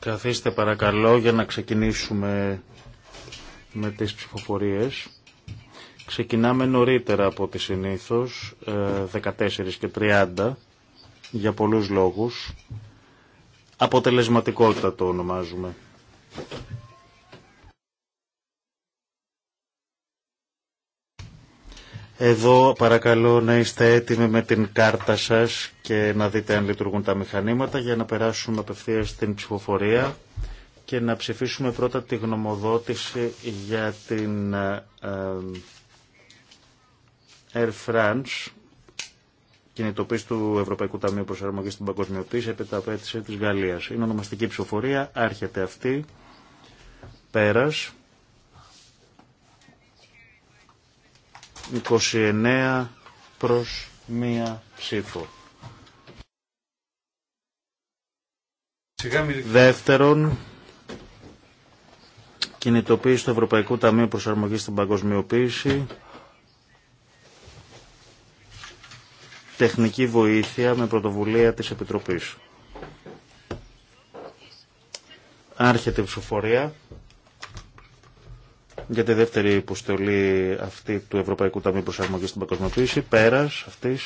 Καθίστε παρακαλώ για να ξεκινήσουμε με τις ψηφοφορίες. Ξεκινάμε νωρίτερα από τη συνήθως, 14 ε, και 30, για πολλούς λόγους. Αποτελεσματικότητα το ονομάζουμε. Εδώ παρακαλώ να είστε έτοιμοι με την κάρτα σας και να δείτε αν λειτουργούν τα μηχανήματα για να περάσουμε απευθείας στην ψηφοφορία και να ψηφίσουμε πρώτα τη γνωμοδότηση για την ε, ε, Air France κινητοποίηση του Ευρωπαϊκού Ταμείου Προσαρμογής στην Παγκοσμιοποίηση επί τα απέτηση της Γαλλίας. Είναι ονομαστική ψηφοφορία, άρχεται αυτή, πέρας. 29 προς μία ψήφο. Δεύτερον, κινητοποίηση του Ευρωπαϊκού Ταμείου Προσαρμογή στην Παγκοσμιοποίηση, τεχνική βοήθεια με πρωτοβουλία της Επιτροπής. Άρχεται η ψηφοφορία για τη δεύτερη υποστολή αυτή του Ευρωπαϊκού Ταμείου Προσαρμογής στην Παγκοσμιοποίηση, Πέρα αυτή.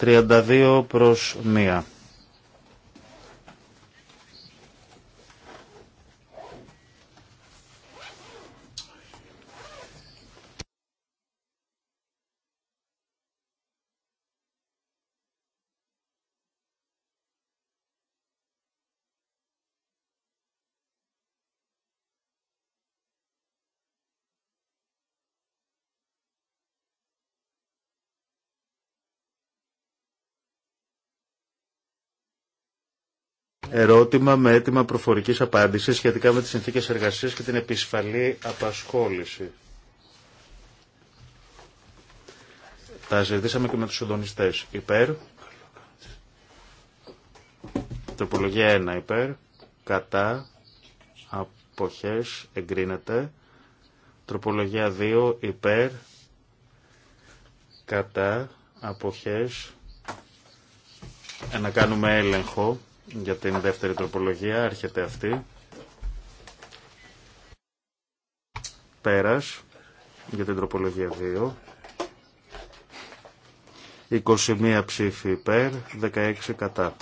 32 προς 1. ερώτημα με αίτημα προφορική απάντηση σχετικά με τις συνθήκες εργασίας και την επισφαλή απασχόληση. Τα ζητήσαμε και με τους συντονιστέ Υπέρ. Τροπολογία 1 υπέρ. Κατά. Αποχές. Εγκρίνεται. Τροπολογία 2 υπέρ. Κατά. Αποχές. να κάνουμε έλεγχο για την δεύτερη τροπολογία. Έρχεται αυτή. Πέρας για την τροπολογία 2. 21 ψήφοι υπέρ, 16 κατά.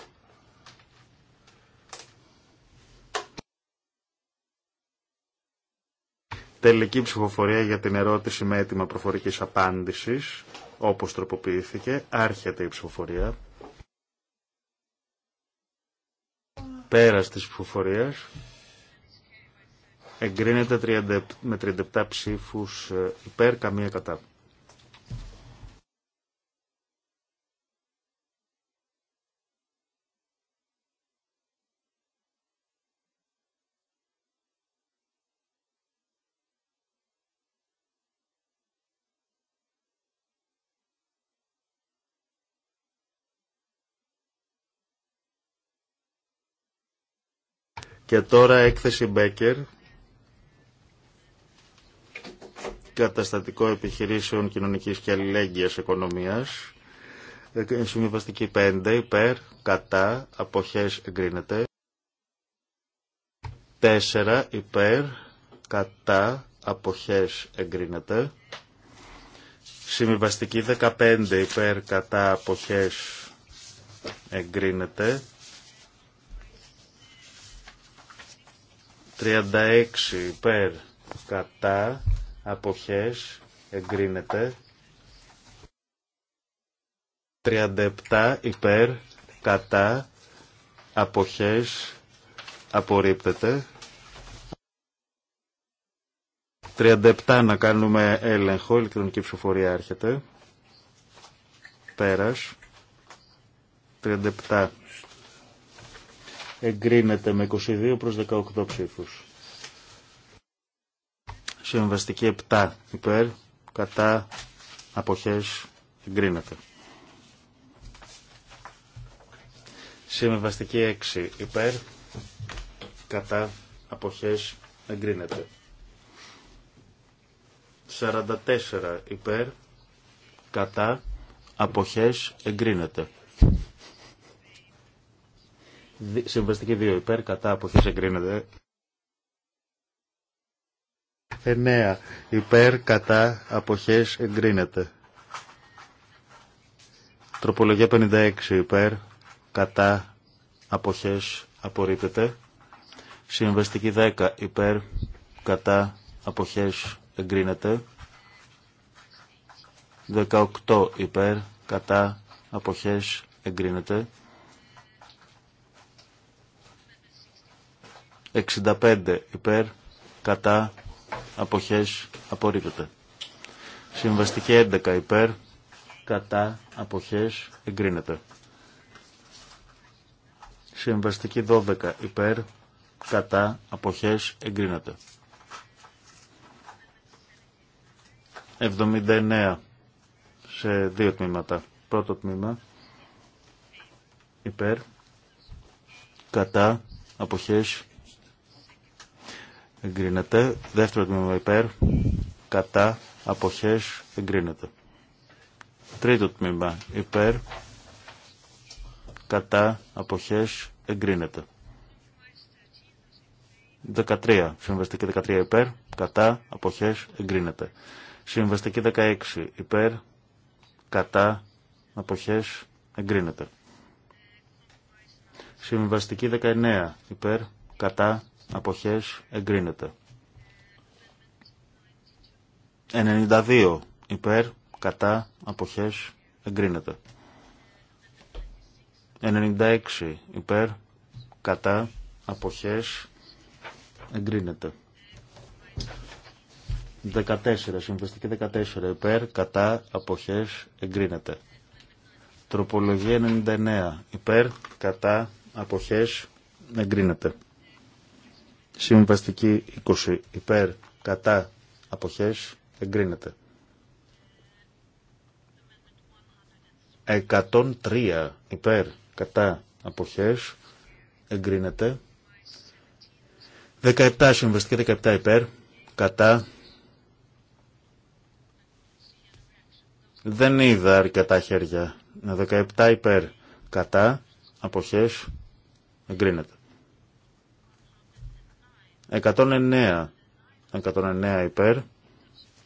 Τελική ψηφοφορία για την ερώτηση με έτοιμα προφορικής απάντησης, όπως τροποποιήθηκε, άρχεται η ψηφοφορία. Πέρας της ψηφοφορία. Εγκρίνεται με 37 ψήφους ε, υπέρ, καμία κατά. Και τώρα έκθεση Μπέκερ. Καταστατικό επιχειρήσεων κοινωνικής και αλληλέγγυας οικονομίας. Ε, συμβιβαστική 5 υπέρ, κατά, αποχές εγκρίνεται. 4 υπέρ, κατά, αποχές εγκρίνεται. Συμβιβαστική 15 υπέρ, κατά, αποχές εγκρίνεται. 36 υπέρ κατά αποχές εγκρίνεται 37 υπέρ κατά αποχές απορρίπτεται 37 να κάνουμε έλεγχο ηλεκτρονική ψηφοφορία έρχεται πέρας 37 εγκρίνεται με 22 προς 18 ψήφους. Συμβαστική 7 υπέρ, κατά, αποχές, εγκρίνεται. Συμβαστική 6 υπέρ, κατά, αποχές, εγκρίνεται. 44 υπέρ, κατά, αποχές, εγκρίνεται. Συμβαστική 2 υπέρ, κατά αποχές εγκρίνεται. 9 υπέρ, κατά αποχές εγκρίνεται. Τροπολογία 56 υπέρ, κατά αποχές απορρίπτεται. Συμβαστική 10 υπέρ, κατά αποχές εγκρίνεται. 18 υπέρ, κατά αποχές εγκρίνεται. 65 υπέρ, κατά, αποχές, απορρίπτεται. Συμβαστική 11 υπέρ, κατά, αποχές, εγκρίνεται. Συμβαστική 12 υπέρ, κατά, αποχές, εγκρίνεται. 79 σε δύο τμήματα. Πρώτο τμήμα υπέρ, κατά, αποχές, εγκρίνεται. Δεύτερο τμήμα υπέρ, κατά, αποχές, εγκρίνεται. Τρίτο τμήμα υπέρ, κατά, αποχές, εγκρίνεται. 13. Συμβαστική 13 υπέρ, κατά, αποχές, εγκρίνεται. Συμβαστική 16 υπέρ, κατά, αποχές, εγκρίνεται. Συμβαστική 19 υπέρ, κατά, αποχές εγκρίνεται. 92 υπέρ, κατά, αποχές εγκρίνεται. 96 υπέρ, κατά, αποχές εγκρίνεται. 14, συμβεστική 14 υπέρ, κατά, αποχές εγκρίνεται. Τροπολογία 99 υπέρ, κατά, αποχές εγκρίνεται. Συμβαστική 20 υπέρ κατά αποχές εγκρίνεται. 103 υπέρ κατά αποχές εγκρίνεται. 17 συμβαστική 17 υπέρ κατά Δεν είδα αρκετά χέρια. 17 υπέρ κατά αποχές εγκρίνεται. 109. 109 υπέρ.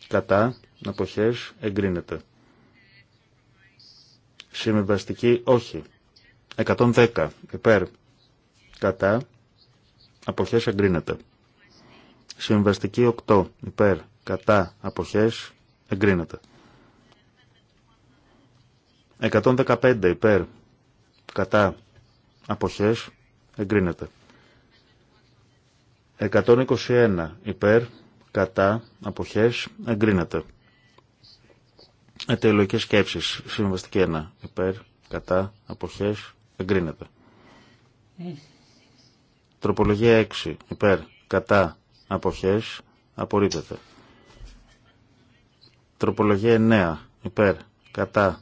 Κατά. Αποχές. Εγκρίνεται. Συμβιβαστική όχι. 110 υπέρ. Κατά. Αποχές εγκρίνεται. Συμβαστική 8 υπέρ. Κατά. Αποχές εγκρίνεται. 115 υπέρ. Κατά. Αποχές εγκρίνεται. 121 υπέρ, κατά, αποχές, εγκρίνεται. Ετεολογικές σκέψεις, συμβαστική 1 υπέρ, κατά, αποχές, εγκρίνεται. Τροπολογία 6 υπέρ, κατά, αποχές, απορρίπτεται. Τροπολογία 9 υπέρ, κατά,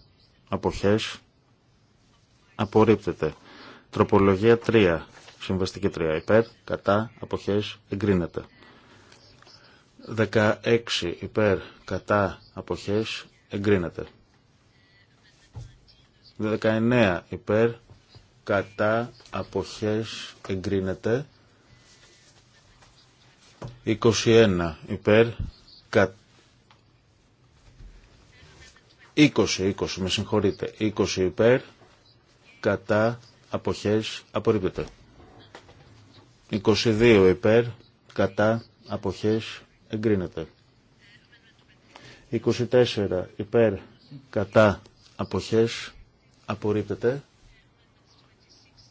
αποχές, απορρίπτεται. Τροπολογία 3 Συμβαστική 3 υπέρ, κατά, αποχές, εγκρίνεται. 16 υπέρ, κατά, αποχές, εγκρίνεται. 19 υπέρ, κατά, αποχές, εγκρίνεται. 21 υπέρ, κατά, 20, 20, με συγχωρείτε, 20 υπέρ, κατά, αποχές, απορρίπτεται. 22 υπέρ, κατά, αποχές, εγκρίνεται. 24 υπέρ, κατά, αποχές, απορρίπτεται.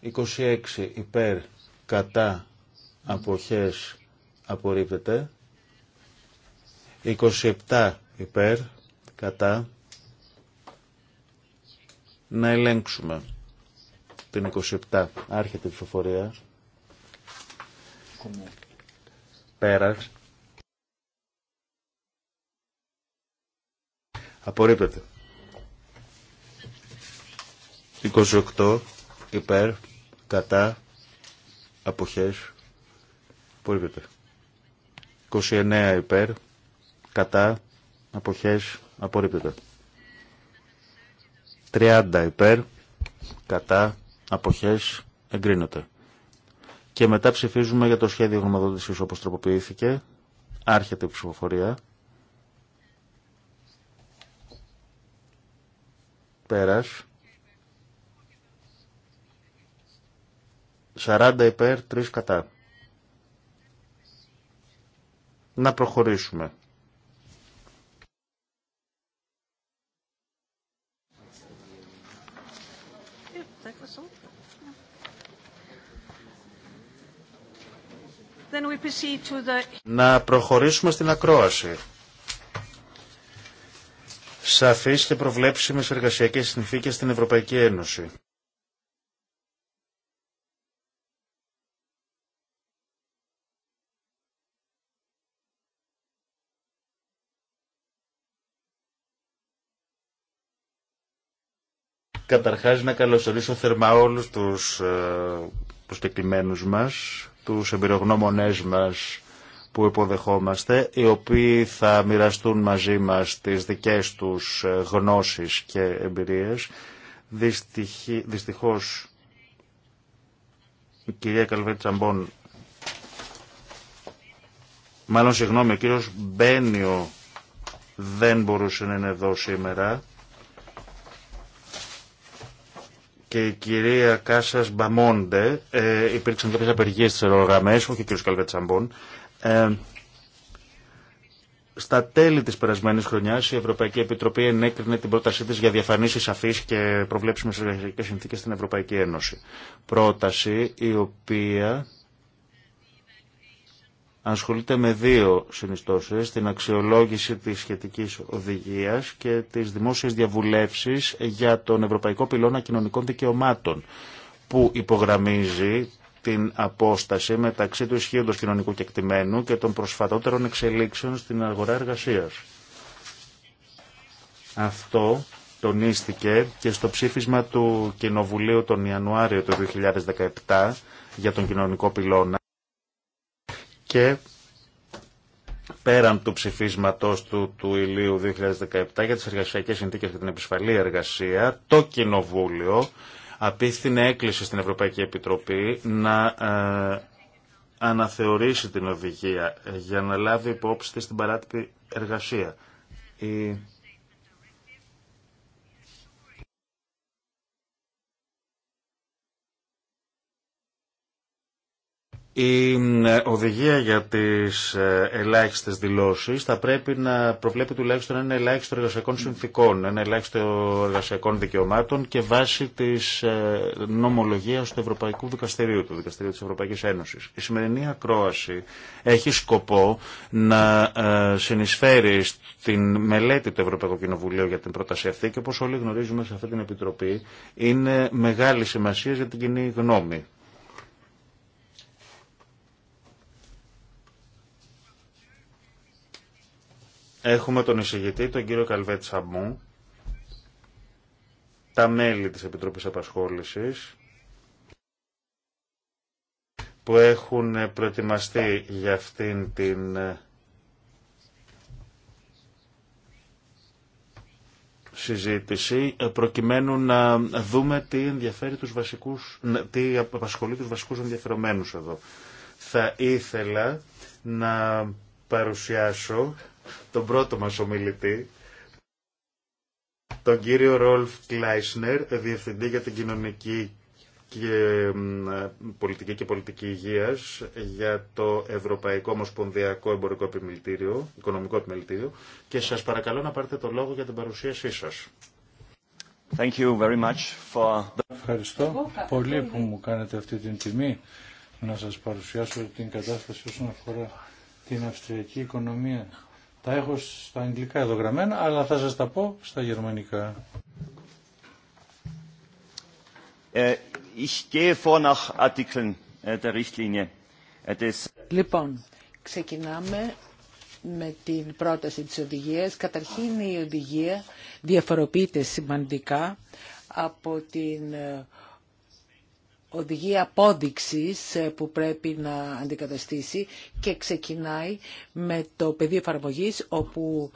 26 υπέρ, κατά, αποχές, απορρίπτεται. 27 υπέρ, κατά, να ελέγξουμε την 27. Άρχεται η ψηφοφορία. Πέρας. Απορρίπτεται. 28 υπέρ, κατά, αποχές, απορρίπτεται. 29 υπέρ, κατά, αποχές, απορρίπτεται. 30 υπέρ, κατά, αποχές, εγκρίνονται. Και μετά ψηφίζουμε για το σχέδιο γνωμοδότησης όπως τροποποιήθηκε. Άρχεται η ψηφοφορία. Πέρας. 40 υπέρ, 3 κατά. Να προχωρήσουμε. Να προχωρήσουμε στην ακρόαση. Σαφείς και προβλέψιμες εργασιακέ συνθήκε στην Ευρωπαϊκή Ένωση. Καταρχάς να καλωσορίσω θερμά όλους τους ε, προσκεκλημένους μας τους εμπειρογνώμονές μας που υποδεχόμαστε, οι οποίοι θα μοιραστούν μαζί μας τις δικές τους ε, γνώσεις και εμπειρίες. Δυστυχώς, η κυρία Καλβέτσα Τσαμπών, μάλλον συγγνώμη, ο κύριος Μπένιο δεν μπορούσε να είναι εδώ σήμερα. και η κυρία Κάσα Μπαμόντε. Ε, υπήρξαν κάποιε απεργίε στι αερογραμμέ, όχι ο κύριο Καλβετσαμπών. Ε, στα τέλη τη περασμένη χρονιά, η Ευρωπαϊκή Επιτροπή ενέκρινε την πρότασή τη για διαφανή σαφείς και προβλέψιμε εργασιακές συνθήκε στην Ευρωπαϊκή Ένωση. Πρόταση η οποία ασχολείται με δύο συνιστώσεις, την αξιολόγηση της σχετικής οδηγίας και τις δημόσιες διαβουλεύσεις για τον Ευρωπαϊκό Πυλώνα Κοινωνικών Δικαιωμάτων, που υπογραμμίζει την απόσταση μεταξύ του ισχύοντος κοινωνικού κεκτημένου και των προσφατότερων εξελίξεων στην αγορά εργασίας. Αυτό τονίστηκε και στο ψήφισμα του Κοινοβουλίου τον Ιανουάριο του 2017 για τον κοινωνικό πυλώνα και πέραν του ψηφίσματος του, του Ιλίου 2017 για τις εργασιακές συνθήκες και την επισφαλή εργασία, το Κοινοβούλιο απίθυνε έκκληση στην Ευρωπαϊκή Επιτροπή να ε, αναθεωρήσει την οδηγία για να λάβει υπόψη στην παράτυπη εργασία. Η Η ε, οδηγία για τι ε, ελάχιστε δηλώσει θα πρέπει να προβλέπει τουλάχιστον ένα ελάχιστο εργασιακών συνθήκων, ένα ελάχιστο εργασιακών δικαιωμάτων και βάσει τη ε, νομολογία του Ευρωπαϊκού Δικαστηρίου, του Δικαστηρίου τη Ευρωπαϊκή Ένωση. Η σημερινή ακρόαση έχει σκοπό να συνεισφέρει στην μελέτη του Ευρωπαϊκού Κοινοβουλίου για την πρόταση αυτή και όπως όλοι γνωρίζουμε σε αυτή την Επιτροπή είναι μεγάλη σημασία για την κοινή γνώμη Έχουμε τον εισηγητή, τον κύριο Καλβέτ τα μέλη της Επιτροπής Απασχόλησης, που έχουν προετοιμαστεί για αυτήν την συζήτηση προκειμένου να δούμε τι ενδιαφέρει τους βασικούς, τι απασχολεί τους βασικούς ενδιαφερομένους εδώ. Θα ήθελα να παρουσιάσω τον πρώτο μας ομιλητή, τον κύριο Ρόλφ Κλάισνερ, Διευθυντή για την Κοινωνική και Πολιτική και Πολιτική Υγείας για το Ευρωπαϊκό Ομοσπονδιακό Εμπορικό Επιμελητήριο, Οικονομικό Επιμελητήριο και σας παρακαλώ να πάρετε το λόγο για την παρουσίασή σας. Thank you very much for... Ευχαριστώ πολύ που μου κάνετε αυτή την τιμή να σας παρουσιάσω την κατάσταση όσον αφορά την αυστριακή οικονομία τα έχω στα αγγλικά εδώ γραμμένα, αλλά θα σας τα πω στα γερμανικά. Λοιπόν, ξεκινάμε με την πρόταση της οδηγίας. Καταρχήν η οδηγία διαφοροποιείται σημαντικά από την ε, οδηγεί απόδειξης ε, που πρέπει να αντικαταστήσει και ξεκινάει με το πεδίο εφαρμογής όπου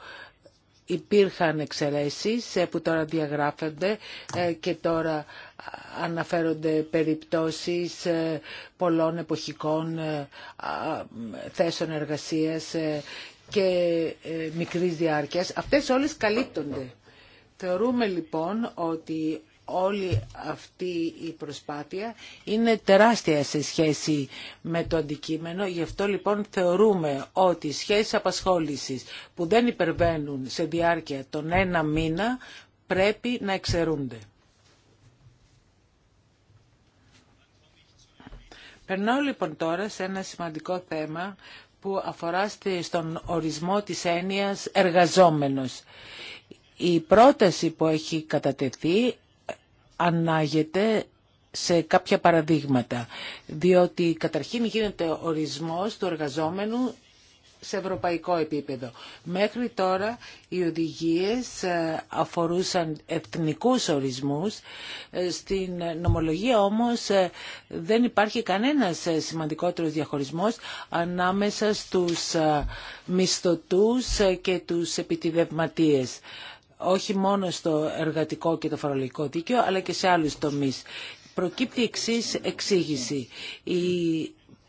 υπήρχαν εξαιρέσεις ε, που τώρα διαγράφονται ε, και τώρα αναφέρονται περιπτώσεις πολλών εποχικών θέσεων εργασίας και μικρής διάρκειας. Αυτές όλες καλύπτονται. Θεωρούμε λοιπόν ότι όλη αυτή η προσπάθεια είναι τεράστια σε σχέση με το αντικείμενο. Γι' αυτό λοιπόν θεωρούμε ότι οι σχέσεις απασχόλησης που δεν υπερβαίνουν σε διάρκεια τον ένα μήνα πρέπει να εξαιρούνται. Περνάω λοιπόν τώρα σε ένα σημαντικό θέμα που αφορά στον ορισμό της έννοιας εργαζόμενος. Η πρόταση που έχει κατατεθεί ανάγεται σε κάποια παραδείγματα. Διότι καταρχήν γίνεται ορισμός του εργαζόμενου σε ευρωπαϊκό επίπεδο. Μέχρι τώρα οι οδηγίες ε, αφορούσαν εθνικούς ορισμούς. Ε, στην νομολογία όμως ε, δεν υπάρχει κανένας σημαντικότερος διαχωρισμός ανάμεσα στους μισθωτούς και τους επιτιδευματίες όχι μόνο στο εργατικό και το φορολογικό δίκαιο, αλλά και σε άλλους τομείς. Προκύπτει εξή εξήγηση. Η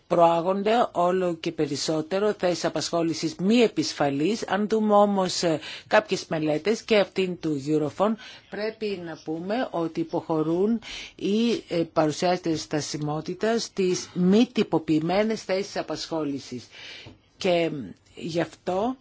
προάγονται όλο και περισσότερο θέσει απασχόλησης μη επισφαλής. Αν δούμε όμω ε, κάποιες μελέτες και αυτήν του Eurofond, πρέπει να πούμε ότι υποχωρούν ή ε, παρουσιάζεται στασιμότητα στι μη τυποποιημένες θέσει απασχόλησης. Και γι' αυτό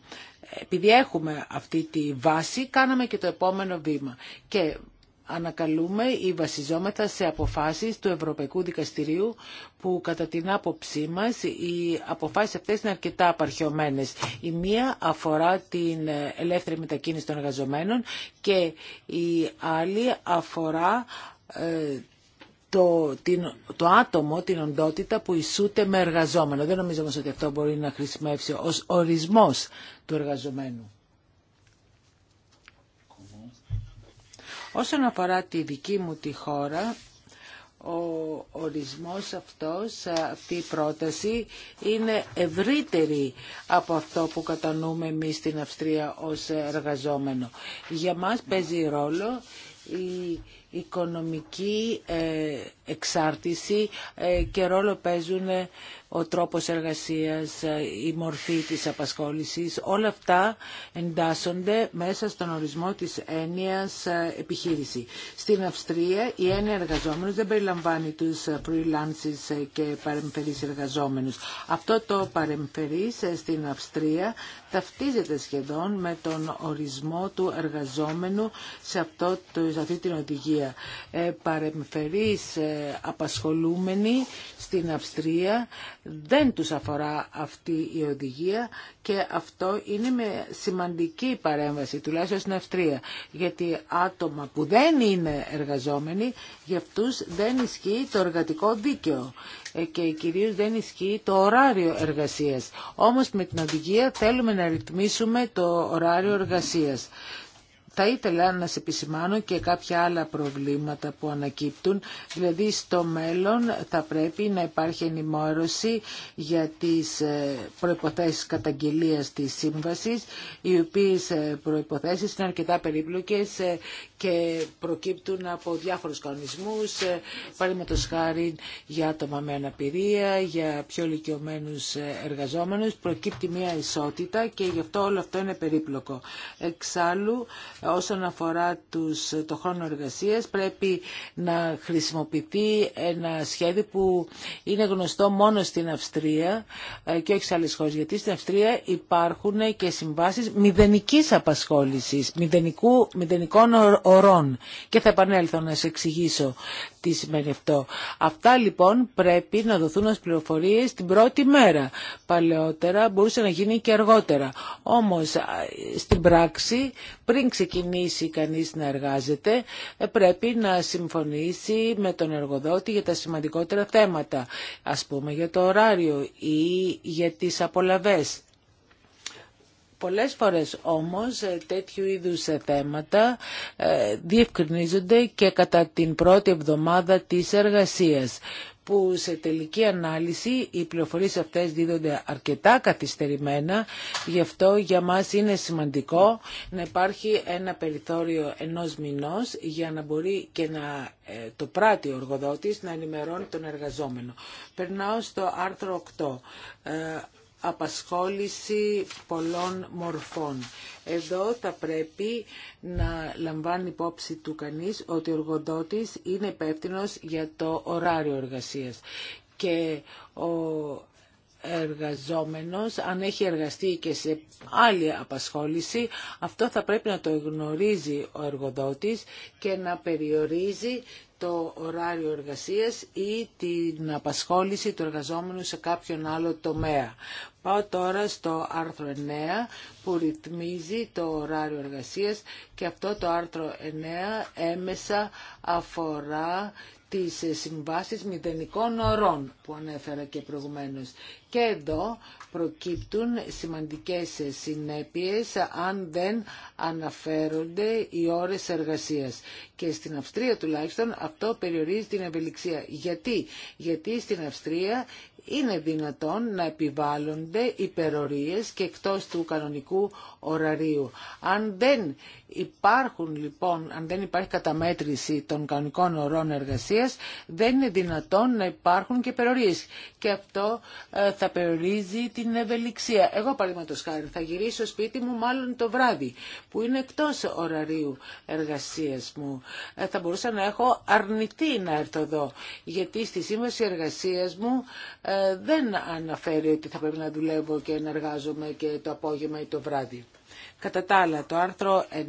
επειδή έχουμε αυτή τη βάση, κάναμε και το επόμενο βήμα. Και ανακαλούμε ή βασιζόμεθα σε αποφάσεις του Ευρωπαϊκού Δικαστηρίου που κατά την άποψή μας οι αποφάσεις αυτές είναι αρκετά απαρχιωμένες. Η μία αφορά την ελεύθερη μετακίνηση των εργαζομένων και η άλλη αφορά ε, το, την, το άτομο, την οντότητα που ισούται με εργαζόμενο. Δεν νομίζω όμως ότι αυτό μπορεί να χρησιμεύσει ως ορισμός του εργαζομένου. Όσον αφορά τη δική μου τη χώρα, ο ορισμός αυτός, αυτή η πρόταση είναι ευρύτερη από αυτό που κατανοούμε εμείς στην Αυστρία ως εργαζόμενο. Για μας παίζει ρόλο η οικονομική ε, εξάρτηση ε, και ρόλο παίζουν ε, ο τρόπος εργασίας, ε, η μορφή της απασχόλησης. Όλα αυτά εντάσσονται μέσα στον ορισμό της έννοιας επιχείρηση. Στην Αυστρία η έννοια εργαζόμενος δεν περιλαμβάνει τους freelancers και παρεμφερείς εργαζόμενους. Αυτό το παρεμφερείς στην Αυστρία ταυτίζεται σχεδόν με τον ορισμό του εργαζόμενου σε, αυτή την οδηγία. Ε, παρεμφερείς απασχολούμενοι στην Αυστρία δεν τους αφορά αυτή η οδηγία και αυτό είναι με σημαντική παρέμβαση, τουλάχιστον στην Αυστρία. Γιατί άτομα που δεν είναι εργαζόμενοι, για αυτούς δεν ισχύει το εργατικό δίκαιο ε, και κυρίως δεν ισχύει το ωράριο εργασίας. Όμως με την οδηγία θέλουμε να ρυθμίσουμε το ωράριο εργασίας. Θα ήθελα να σε επισημάνω και κάποια άλλα προβλήματα που ανακύπτουν. Δηλαδή στο μέλλον θα πρέπει να υπάρχει ενημέρωση για τις ε, προϋποθέσεις καταγγελίας της σύμβασης, οι οποίες ε, προϋποθέσεις είναι αρκετά περίπλοκες ε, και προκύπτουν από διάφορους κανονισμούς, παραδείγματος χάρη για άτομα με αναπηρία, για πιο ηλικιωμένους εργαζόμενους, προκύπτει μια ισότητα και γι' αυτό όλο αυτό είναι περίπλοκο. Εξάλλου, όσον αφορά τους, το χρόνο εργασίας πρέπει να χρησιμοποιηθεί ένα σχέδιο που είναι γνωστό μόνο στην Αυστρία ε, και όχι σε άλλες χώρες γιατί στην Αυστρία υπάρχουν και συμβάσεις μηδενικής απασχόλησης, μηδενικού, μηδενικών ορών και θα επανέλθω να σε εξηγήσω τι σημαίνει αυτό. Αυτά λοιπόν πρέπει να δοθούν ως πληροφορίες την πρώτη μέρα. Παλαιότερα μπορούσε να γίνει και αργότερα. Όμως στην πράξη πριν ξεκινήσει κανείς να εργάζεται ε, πρέπει να συμφωνήσει με τον εργοδότη για τα σημαντικότερα θέματα, ας πούμε για το ωράριο ή για τις απολαβές. Πολλές φορές όμως ε, τέτοιου είδους ε, θέματα διευκρινίζονται και κατά την πρώτη εβδομάδα της εργασίας που σε τελική ανάλυση οι πληροφορίες αυτές δίδονται αρκετά καθυστερημένα, γι' αυτό για μας είναι σημαντικό να υπάρχει ένα περιθώριο ενός μηνός για να μπορεί και να ε, το πράττει ο εργοδότης να ενημερώνει τον εργαζόμενο. Περνάω στο άρθρο 8 απασχόληση πολλών μορφών. Εδώ θα πρέπει να λαμβάνει υπόψη του κανείς ότι ο εργοδότης είναι υπεύθυνο για το ωράριο εργασίας και ο εργαζόμενος, αν έχει εργαστεί και σε άλλη απασχόληση, αυτό θα πρέπει να το γνωρίζει ο εργοδότης και να περιορίζει το ωράριο εργασίας ή την απασχόληση του εργαζόμενου σε κάποιον άλλο τομέα. Πάω τώρα στο άρθρο 9 που ρυθμίζει το ωράριο εργασίας και αυτό το άρθρο 9 έμεσα αφορά τις συμβάσεις μηδενικών ωρών που ανέφερα και προηγουμένως. Και εδώ προκύπτουν σημαντικές συνέπειες αν δεν αναφέρονται οι ώρες εργασίας. Και στην Αυστρία τουλάχιστον αυτό περιορίζει την ευελιξία. Γιατί, Γιατί στην Αυστρία είναι δυνατόν να επιβάλλονται υπερορίες και εκτός του κανονικού οραρίου. Αν δεν υπάρχουν λοιπόν, αν δεν υπάρχει καταμέτρηση των κανονικών ωρών εργασίας, δεν είναι δυνατόν να υπάρχουν και περιορίες. Και αυτό ε, θα περιορίζει την ευελιξία. Εγώ παραδείγματο χάρη θα γυρίσω σπίτι μου μάλλον το βράδυ, που είναι εκτός ωραρίου εργασίας μου. Ε, θα μπορούσα να έχω αρνητή να έρθω εδώ, γιατί στη σύμβαση εργασίας μου ε, δεν αναφέρει ότι θα πρέπει να δουλεύω και να εργάζομαι και το απόγευμα ή το βράδυ. Κατά τα άλλα, το άρθρο 9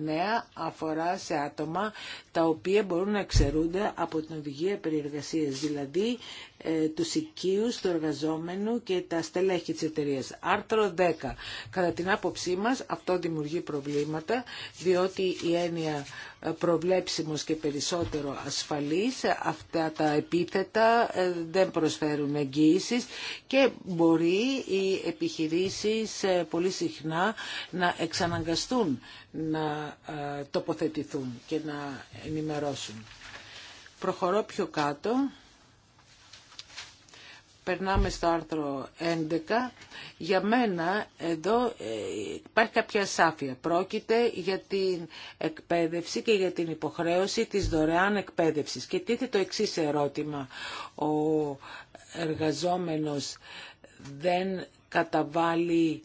αφορά σε άτομα τα οποία μπορούν να εξαιρούνται από την οδηγία περιεργασίας, δηλαδή ε, τους οικείους του εργαζόμενου και τα στελέχη της εταιρείας. Άρθρο 10. Κατά την άποψή μας αυτό δημιουργεί προβλήματα διότι η έννοια ε, προβλέψιμος και περισσότερο ασφαλής ε, αυτά τα επίθετα δεν προσφέρουν εγγύησης και μπορεί οι επιχειρήσεις πολύ συχνά να εξαναγκαστούν να τοποθετηθούν και να ενημερώσουν. Προχωρώ πιο κάτω Περνάμε στο άρθρο 11. Για μένα εδώ ε, υπάρχει κάποια σάφια. Πρόκειται για την εκπαίδευση και για την υποχρέωση της δωρεάν εκπαίδευσης. Και τίθε το εξή ερώτημα. Ο εργαζόμενος δεν καταβάλει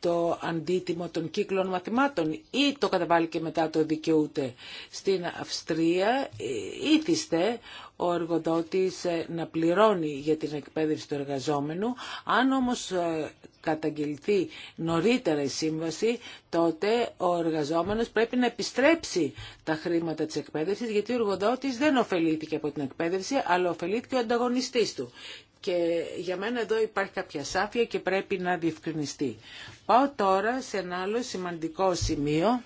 το αντίτιμο των κύκλων μαθημάτων ή το καταβάλει και μετά το δικαιούται στην Αυστρία ε, ήθιστε ο εργοδότης ε, να πληρώνει για την εκπαίδευση του εργαζόμενου. Αν όμως ε, καταγγελθεί νωρίτερα η σύμβαση, τότε ο εργαζόμενος πρέπει να επιστρέψει τα χρήματα της εκπαίδευσης, γιατί ο εργοδότης δεν ωφελήθηκε από την εκπαίδευση, αλλά ωφελήθηκε ο ανταγωνιστής του. Και για μένα εδώ υπάρχει κάποια σάφια και πρέπει να διευκρινιστεί. Πάω τώρα σε ένα άλλο σημαντικό σημείο,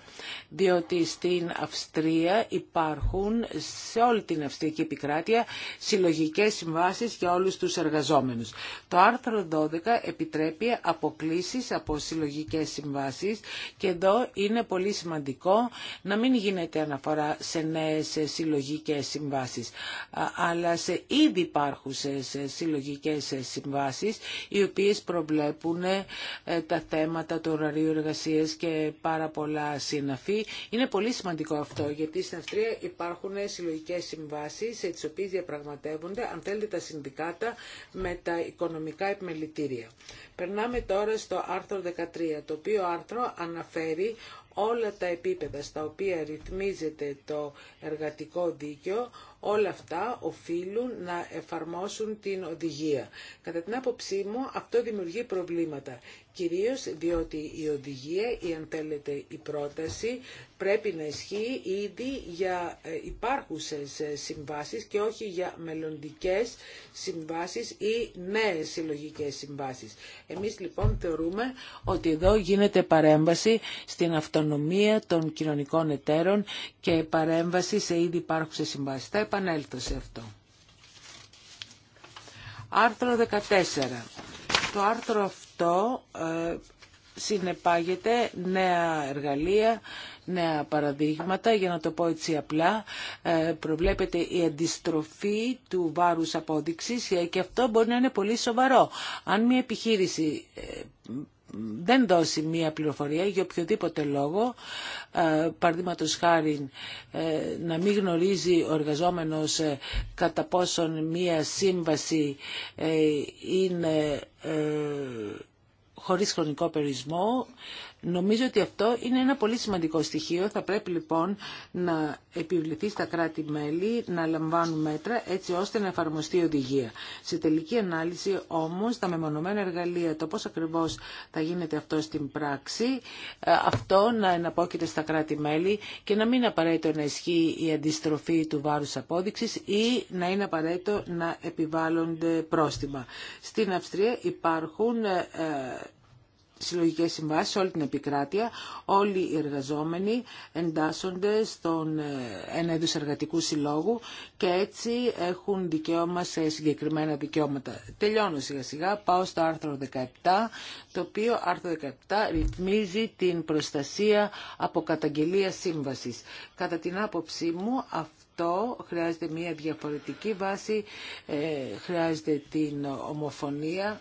διότι στην Αυστρία υπάρχουν σε όλη την Αυστριακή επικράτεια συλλογικές συμβάσεις για όλους τους εργαζόμενους. Το άρθρο 12 επιτρέπει αποκλήσεις από συλλογικές συμβάσεις και εδώ είναι πολύ σημαντικό να μην γίνεται αναφορά σε νέες συλλογικές συμβάσεις, αλλά σε ήδη υπάρχουσες συλλογικές συμβάσεις, οι οποίες προβλέπουν ε, τα θέματα δικαιώματα του ωραρίου εργασίας και πάρα πολλά συναφή. Είναι πολύ σημαντικό αυτό γιατί στην Αυστρία υπάρχουν συμβάσει, σε τι οποίε διαπραγματεύονται αν θέλετε τα συνδικάτα με τα οικονομικά επιμελητήρια. Περνάμε τώρα στο άρθρο 13 το οποίο άρθρο αναφέρει όλα τα επίπεδα στα οποία ρυθμίζεται το εργατικό δίκαιο όλα αυτά οφείλουν να εφαρμόσουν την οδηγία. Κατά την άποψή μου αυτό δημιουργεί προβλήματα, κυρίως διότι η οδηγία ή αν θέλετε η πρόταση πρέπει να ισχύει ήδη για ε, υπάρχουσες ε, συμβάσεις και όχι για μελλοντικές συμβάσεις ή νέες συλλογικές συμβάσεις. Εμείς λοιπόν θεωρούμε ότι εδώ γίνεται παρέμβαση στην αυτονομία των κοινωνικών εταίρων και παρέμβαση σε ήδη υπάρχουσες συμβάσεις επανέλθω αυτό. Άρθρο 14. Το άρθρο αυτό ε, συνεπάγεται νέα εργαλεία, νέα παραδείγματα, για να το πω έτσι απλά, ε, προβλέπεται η αντιστροφή του βάρους απόδειξης και αυτό μπορεί να είναι πολύ σοβαρό. Αν μια επιχείρηση ε, δεν δώσει μία πληροφορία για οποιοδήποτε λόγο, ε, παραδείγματο χάρη ε, να μην γνωρίζει ο εργαζόμενος ε, κατά πόσον μία σύμβαση είναι χωρίς χρονικό περισμό, Νομίζω ότι αυτό είναι ένα πολύ σημαντικό στοιχείο. Θα πρέπει λοιπόν να επιβληθεί στα κράτη-μέλη να λαμβάνουν μέτρα έτσι ώστε να εφαρμοστεί η οδηγία. Σε τελική ανάλυση όμως τα μεμονωμένα εργαλεία, το πώς ακριβώς θα γίνεται αυτό στην πράξη, ε, αυτό να εναπόκειται στα κράτη-μέλη και να μην είναι απαραίτητο να ισχύει η αντιστροφή του βάρους απόδειξης ή να είναι απαραίτητο να επιβάλλονται πρόστιμα. Στην Αυστρία υπάρχουν ε, ε, συλλογικές συμβάσεις όλη την επικράτεια. Όλοι οι εργαζόμενοι εντάσσονται στον ε, ένα είδους εργατικού συλλόγου και έτσι έχουν δικαίωμα σε συγκεκριμένα δικαιώματα. Τελειώνω σιγά σιγά, πάω στο άρθρο 17, το οποίο άρθρο 17 ρυθμίζει την προστασία από καταγγελία σύμβασης. Κατά την άποψή μου αυτό χρειάζεται μια διαφορετική βάση, ε, χρειάζεται την ομοφωνία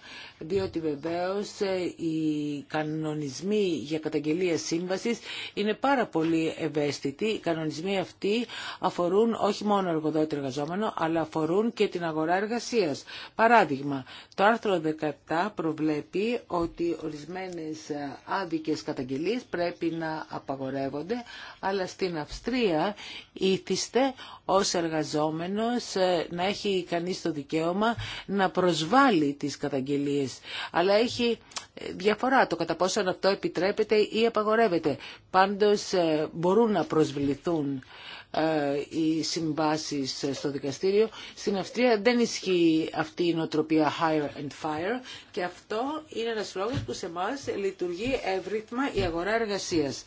διότι βεβαίως ε, οι κανονισμοί για καταγγελία σύμβασης είναι πάρα πολύ ευαίσθητοι. Οι κανονισμοί αυτοί αφορούν όχι μόνο εργοδότη εργαζόμενο, αλλά αφορούν και την αγορά εργασίας. Παράδειγμα, το άρθρο 17 προβλέπει ότι ορισμένες ε, άδικες καταγγελίες πρέπει να απαγορεύονται, αλλά στην Αυστρία ήθιστε ως εργαζόμενος ε, να έχει κανείς το δικαίωμα να προσβάλλει τις καταγγελίες αλλά έχει ε, διαφορά το κατά πόσο αυτό επιτρέπεται ή απαγορεύεται. Πάντως ε, μπορούν να προσβληθούν ε, οι συμβάσεις στο δικαστήριο. Στην Αυστρία δεν ισχύει αυτή η νοοτροπία hire and fire και αυτό είναι ένας λόγος που σε εμά λειτουργεί εύρυθμα η αγορά εργασίας.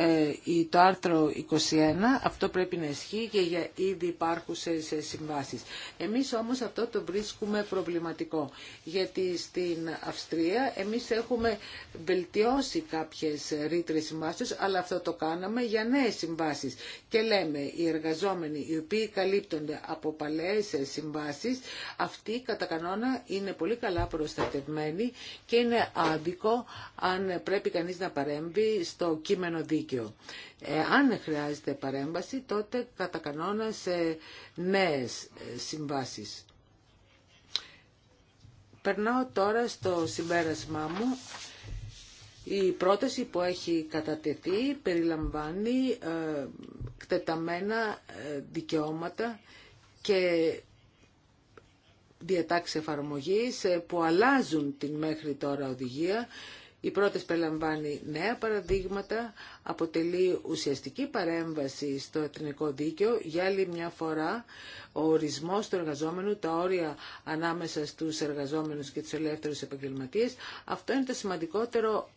Ε, το άρθρο 21 αυτό πρέπει να ισχύει και για ήδη υπάρχουσες ε, συμβάσεις. Εμείς όμως αυτό το βρίσκουμε προβληματικό γιατί στην Αυστρία εμείς έχουμε βελτιώσει κάποιες ρήτρες συμβάσεις αλλά αυτό το κάναμε για νέες συμβάσεις και λέμε οι εργαζόμενοι οι οποίοι καλύπτονται από παλαιές ε, συμβάσεις αυτοί κατά κανόνα είναι πολύ καλά προστατευμένοι και είναι άδικο αν πρέπει κανείς να παρέμβει στο κείμενο δίκαιο. Ε, αν χρειάζεται παρέμβαση, τότε κατά κανόνα σε νέες ε, συμβάσεις. Περνάω τώρα στο συμπέρασμά μου. Η πρόταση που έχει κατατεθεί περιλαμβάνει ε, κτεταμένα ε, δικαιώματα και διατάξεις εφαρμογής που αλλάζουν την μέχρι τώρα οδηγία η πρώτη περιλαμβάνει νέα παραδείγματα, αποτελεί ουσιαστική παρέμβαση στο εθνικό δίκαιο. Για άλλη μια φορά, ο ορισμός του εργαζόμενου, τα όρια ανάμεσα στους εργαζόμενους και τους ελεύθερους επαγγελματίες, αυτό είναι το σημαντικότερο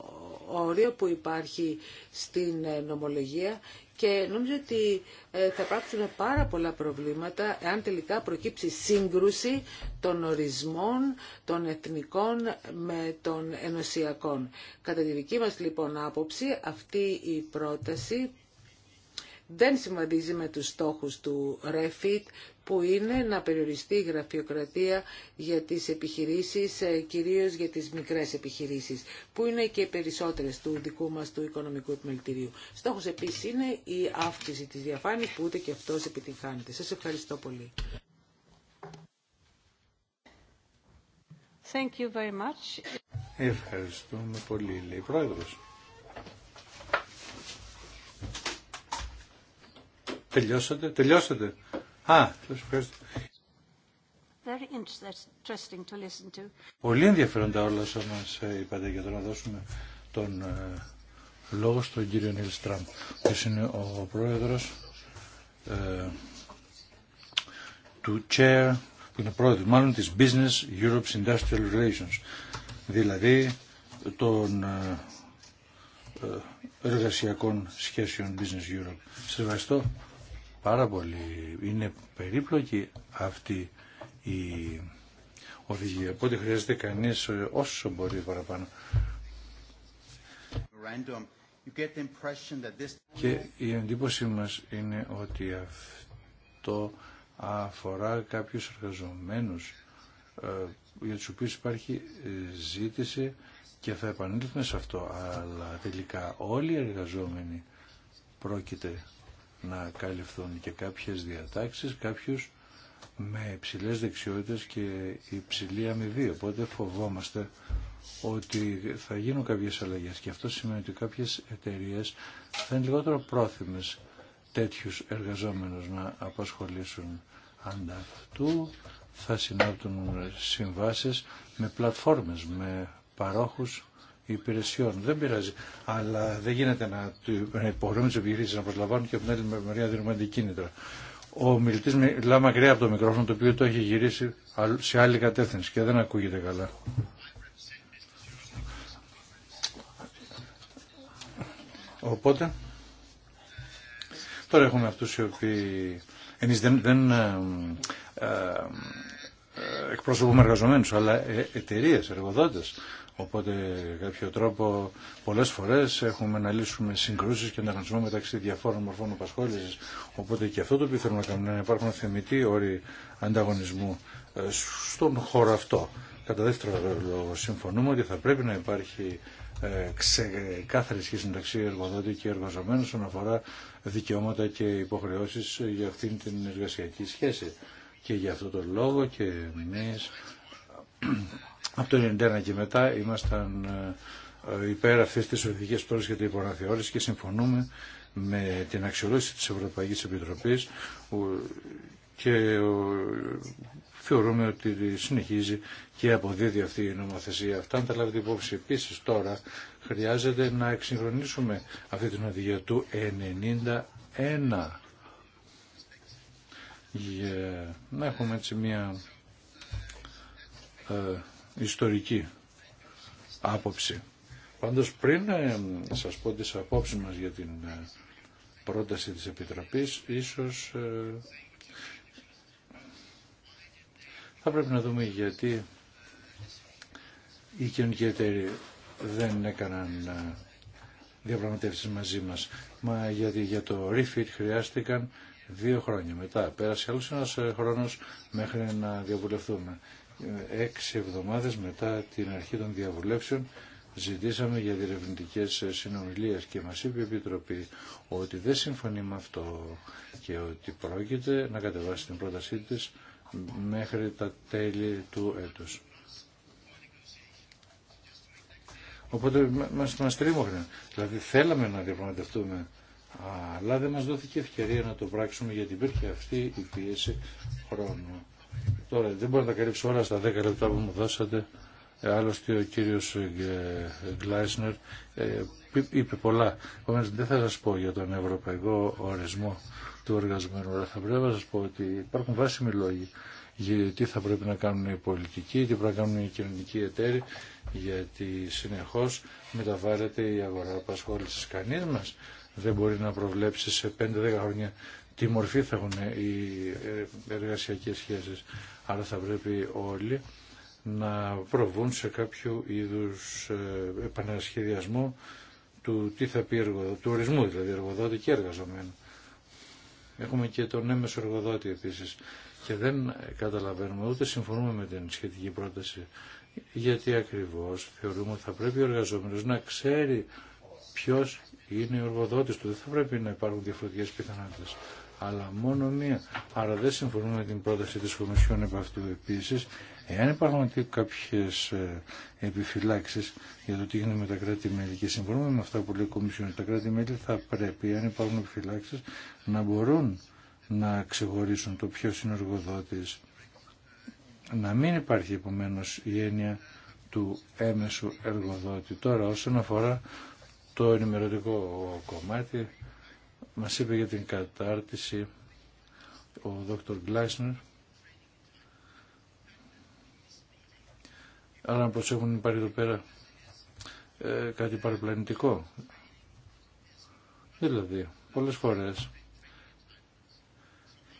όριο που υπάρχει στην νομολογία και νομίζω ότι ε, θα πράξουν πάρα πολλά προβλήματα εάν τελικά προκύψει σύγκρουση των ορισμών των εθνικών με των ενωσιακών. Κατά τη δική μας λοιπόν άποψη αυτή η πρόταση δεν συμβαδίζει με τους στόχους του REFIT, που είναι να περιοριστεί η γραφειοκρατία για τις επιχειρήσεις, ε, κυρίως για τις μικρές επιχειρήσεις, που είναι και οι περισσότερες του δικού μας του οικονομικού επιμελητηρίου. Στόχος επίσης είναι η αύξηση της διαφάνειας που ούτε και αυτός επιτυγχάνεται. Σας ευχαριστώ πολύ. Thank you very much. Ευχαριστούμε πολύ, λέει Πρόεδρος. Τελειώσατε, τελειώσατε. Πολύ ενδιαφέροντα όλα όσα μα ε, είπατε για το να δώσουμε τον ε, λόγο στον κύριο Νίλ Στραμπ που είναι ο πρόεδρος ε, του Chair, που είναι πρόεδρο μάλλον τη Business europe Industrial Relations, δηλαδή των εργασιακών σχέσεων Business Europe. Σας ευχαριστώ πάρα πολύ. Είναι περίπλοκη αυτή η οδηγία. Οπότε χρειάζεται κανείς όσο μπορεί παραπάνω. Και η εντύπωση μας είναι ότι αυτό αφορά κάποιους εργαζομένους ε, για τους οποίους υπάρχει ε, ζήτηση και θα επανέλθουμε σε αυτό αλλά τελικά όλοι οι εργαζόμενοι πρόκειται να καλυφθούν και κάποιες διατάξεις, κάποιους με υψηλές δεξιότητες και υψηλή αμοιβή. Οπότε φοβόμαστε ότι θα γίνουν κάποιες αλλαγές και αυτό σημαίνει ότι κάποιες εταιρείες θα είναι λιγότερο πρόθυμες τέτοιους εργαζόμενους να απασχολήσουν ανταυτού θα συνάπτουν συμβάσεις με πλατφόρμες, με παρόχους υπηρεσιών. Δεν πειράζει. Αλλά δεν γίνεται να, να υποχρεώνουμε τι επιχειρήσει να προσλαμβάνουν και από την άλλη μεριά δίνουμε αντικίνητρα. Ο μιλητή μιλά μακριά από το μικρόφωνο το οποίο το έχει γυρίσει σε άλλη κατεύθυνση και δεν ακούγεται καλά. Οπότε, τώρα έχουμε αυτούς οι οποίοι εμείς δεν, δεν ε, ε, ε εκπροσωπούμε εργαζομένους, αλλά ε, εταιρείε, εργοδότες Οπότε κάποιο τρόπο πολλές φορές έχουμε να λύσουμε συγκρούσεις και ανταγωνισμό μεταξύ διαφόρων μορφών απασχόλησης. Οπότε και αυτό το οποίο θέλουμε να κάνουμε, είναι να υπάρχουν θεμητοί όροι ανταγωνισμού ε, στον χώρο αυτό. Κατά δεύτερο λόγο, συμφωνούμε ότι θα πρέπει να υπάρχει ε, ξεκάθαρη σχέση μεταξύ εργοδότη και εργαζομένου όσον αφορά δικαιώματα και υποχρεώσεις για αυτήν την εργασιακή σχέση. Και για αυτό τον λόγο και εμεί. Από το 1991 και μετά ήμασταν ε, ε, υπέρ αυτής της οδηγίας προς για την υποναθεώρηση και συμφωνούμε με την αξιολόγηση της Ευρωπαϊκής Επιτροπής και θεωρούμε ότι συνεχίζει και αποδίδει αυτή η νομοθεσία. Αυτά αν τα λάβετε υπόψη επίσης τώρα χρειάζεται να εξυγχρονίσουμε αυτή την οδηγία του 1991 για να έχουμε έτσι μια ε, ιστορική άποψη. Πάντως πριν ε, σας πω τις απόψεις μας για την ε, πρόταση της Επιτροπής, ίσως ε, θα πρέπει να δούμε γιατί οι κοινωνικοί εταίροι δεν έκαναν διαπραγματεύσεις μαζί μας. Μα γιατί για το refit χρειάστηκαν δύο χρόνια. Μετά πέρασε άλλος ένας χρόνος μέχρι να διαβουλευτούμε έξι εβδομάδες μετά την αρχή των διαβουλεύσεων ζητήσαμε για διερευνητικές συνομιλίες και μας είπε η Επιτροπή ότι δεν συμφωνεί με αυτό και ότι πρόκειται να κατεβάσει την πρότασή της μέχρι τα τέλη του έτους. Οπότε μας, μας τρίμωχνε. Δηλαδή θέλαμε να διαπραγματευτούμε, αλλά δεν μας δόθηκε ευκαιρία να το πράξουμε γιατί υπήρχε αυτή η πίεση χρόνου. Τώρα δεν μπορώ να τα καλύψω όλα στα 10 λεπτά που μου δώσατε. Ε, άλλωστε ο κύριος ε, Γκλάισνερ ε, είπε πολλά. Επομένως δεν θα σας πω για τον ευρωπαϊκό ορισμό του εργαζομένου, αλλά θα πρέπει να σας πω ότι υπάρχουν βάσιμοι λόγοι για τι θα πρέπει να κάνουν οι πολιτικοί, τι πρέπει να κάνουν οι κοινωνικοί εταίροι, γιατί συνεχώς μεταβάλλεται η αγορά απασχόλησης. Κανείς μας δεν μπορεί να προβλέψει σε 5-10 χρόνια τι μορφή θα έχουν οι εργασιακές σχέσεις. Άρα θα πρέπει όλοι να προβούν σε κάποιο είδους ε, επανασχεδιασμό του τι θα πει εργοδότη, του ορισμού δηλαδή εργοδότη και εργαζομένου. Έχουμε και τον έμεσο εργοδότη επίσης και δεν καταλαβαίνουμε ούτε συμφωνούμε με την σχετική πρόταση γιατί ακριβώς θεωρούμε ότι θα πρέπει ο εργαζόμενος να ξέρει ποιος είναι ο εργοδότης του. Δεν θα πρέπει να υπάρχουν διαφορετικές πιθανότητες αλλά μόνο μία. Άρα δεν συμφωνούμε με την πρόταση της Κομισιόν επ' αυτού επίσης. Εάν υπάρχουν κάποιες ε, επιφυλάξεις για το τι γίνεται με τα κράτη-μέλη και συμφωνούμε με αυτά που λέει η Κομισιόν, τα κράτη-μέλη θα πρέπει, αν υπάρχουν επιφυλάξεις, να μπορούν να ξεχωρίσουν το ποιος είναι ο εργοδότης. Να μην υπάρχει επομένως η έννοια του έμεσου εργοδότη. Τώρα όσον αφορά το ενημερωτικό κομμάτι, μας είπε για την κατάρτιση ο Δόκτωρ Γκλάισνερ. Άρα να προσέχουν υπάρχει εδώ πέρα ε, κάτι παραπλανητικό. Δηλαδή, πολλές φορές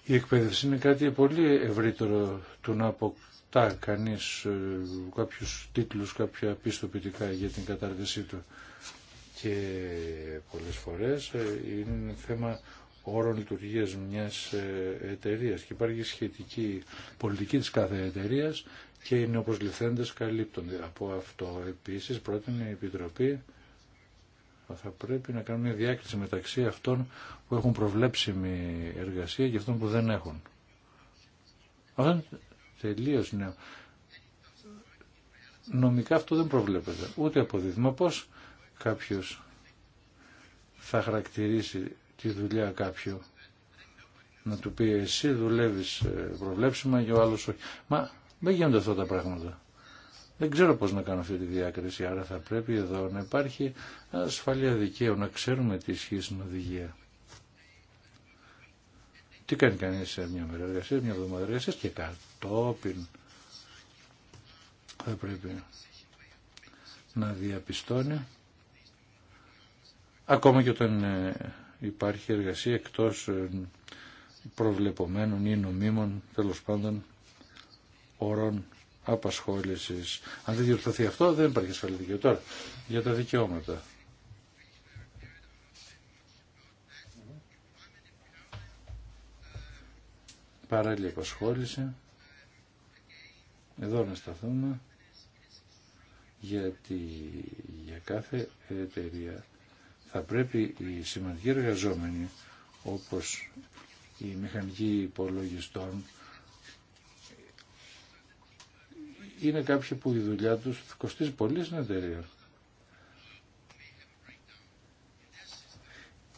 η εκπαίδευση είναι κάτι πολύ ευρύτερο του να αποκτά κανείς ε, κάποιους τίτλους, κάποια πιστοποιητικά για την κατάρτισή του. Και ε, είναι θέμα όρων λειτουργίας μιας ε, εταιρεία. και υπάρχει σχετική πολιτική της κάθε εταιρεία και είναι όπως νεοπροσληφθέντες καλύπτονται. Από αυτό επίσης πρότεινε η Επιτροπή θα πρέπει να κάνουμε μια διάκριση μεταξύ αυτών που έχουν προβλέψιμη εργασία και αυτών που δεν έχουν. Αυτό είναι τελείως νέο. Νομικά αυτό δεν προβλέπεται. Ούτε από πώς κάποιος θα χαρακτηρίσει τη δουλειά κάποιου. Να του πει εσύ δουλεύεις ε, προβλέψιμα και ο άλλος όχι. Μα δεν γίνονται αυτά τα πράγματα. Δεν ξέρω πώς να κάνω αυτή τη διάκριση, άρα θα πρέπει εδώ να υπάρχει ασφαλεία δικαίου, να ξέρουμε τι ισχύει στην οδηγία. Τι κάνει κανείς σε μια μέρα εργασία, μια εβδομάδα εργασία και κατόπιν θα πρέπει να διαπιστώνει ακόμα και όταν ε, υπάρχει εργασία εκτός ε, προβλεπομένων ή νομίμων τέλος πάντων ορών απασχόλησης. Αν δεν διορθωθεί αυτό δεν υπάρχει ασφαλή δικαιοτήρα. Τώρα, για τα δικαιώματα. Παράλληλη απασχόληση. Εδώ να σταθούμε γιατί για κάθε εταιρεία θα πρέπει οι σημαντικοί εργαζόμενοι όπως οι μηχανικοί υπολογιστών είναι κάποιοι που η δουλειά τους κοστίζει πολύ στην εταιρεία.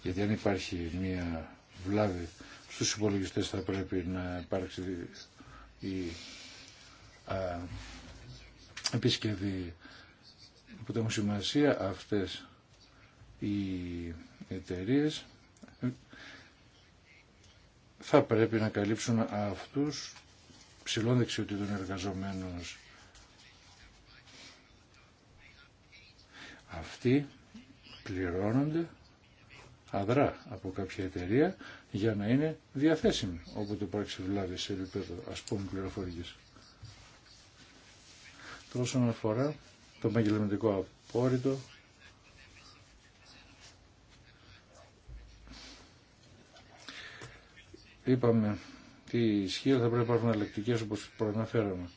Γιατί αν υπάρχει μία βλάβη στους υπολογιστές θα πρέπει να υπάρξει η α, επισκευή που έχουν σημασία αυτές οι εταιρείε θα πρέπει να καλύψουν αυτούς ψηλών δεξιοτήτων εργαζομένων Αυτοί πληρώνονται αδρά από κάποια εταιρεία για να είναι διαθέσιμοι το υπάρξει βλάβη σε επίπεδο ας πούμε πληροφορικής. Τώρα όσον αφορά το επαγγελματικό απόρριτο είπαμε τι ισχύει, θα πρέπει να υπάρχουν αλληλεκτικές όπως προαναφέραμε.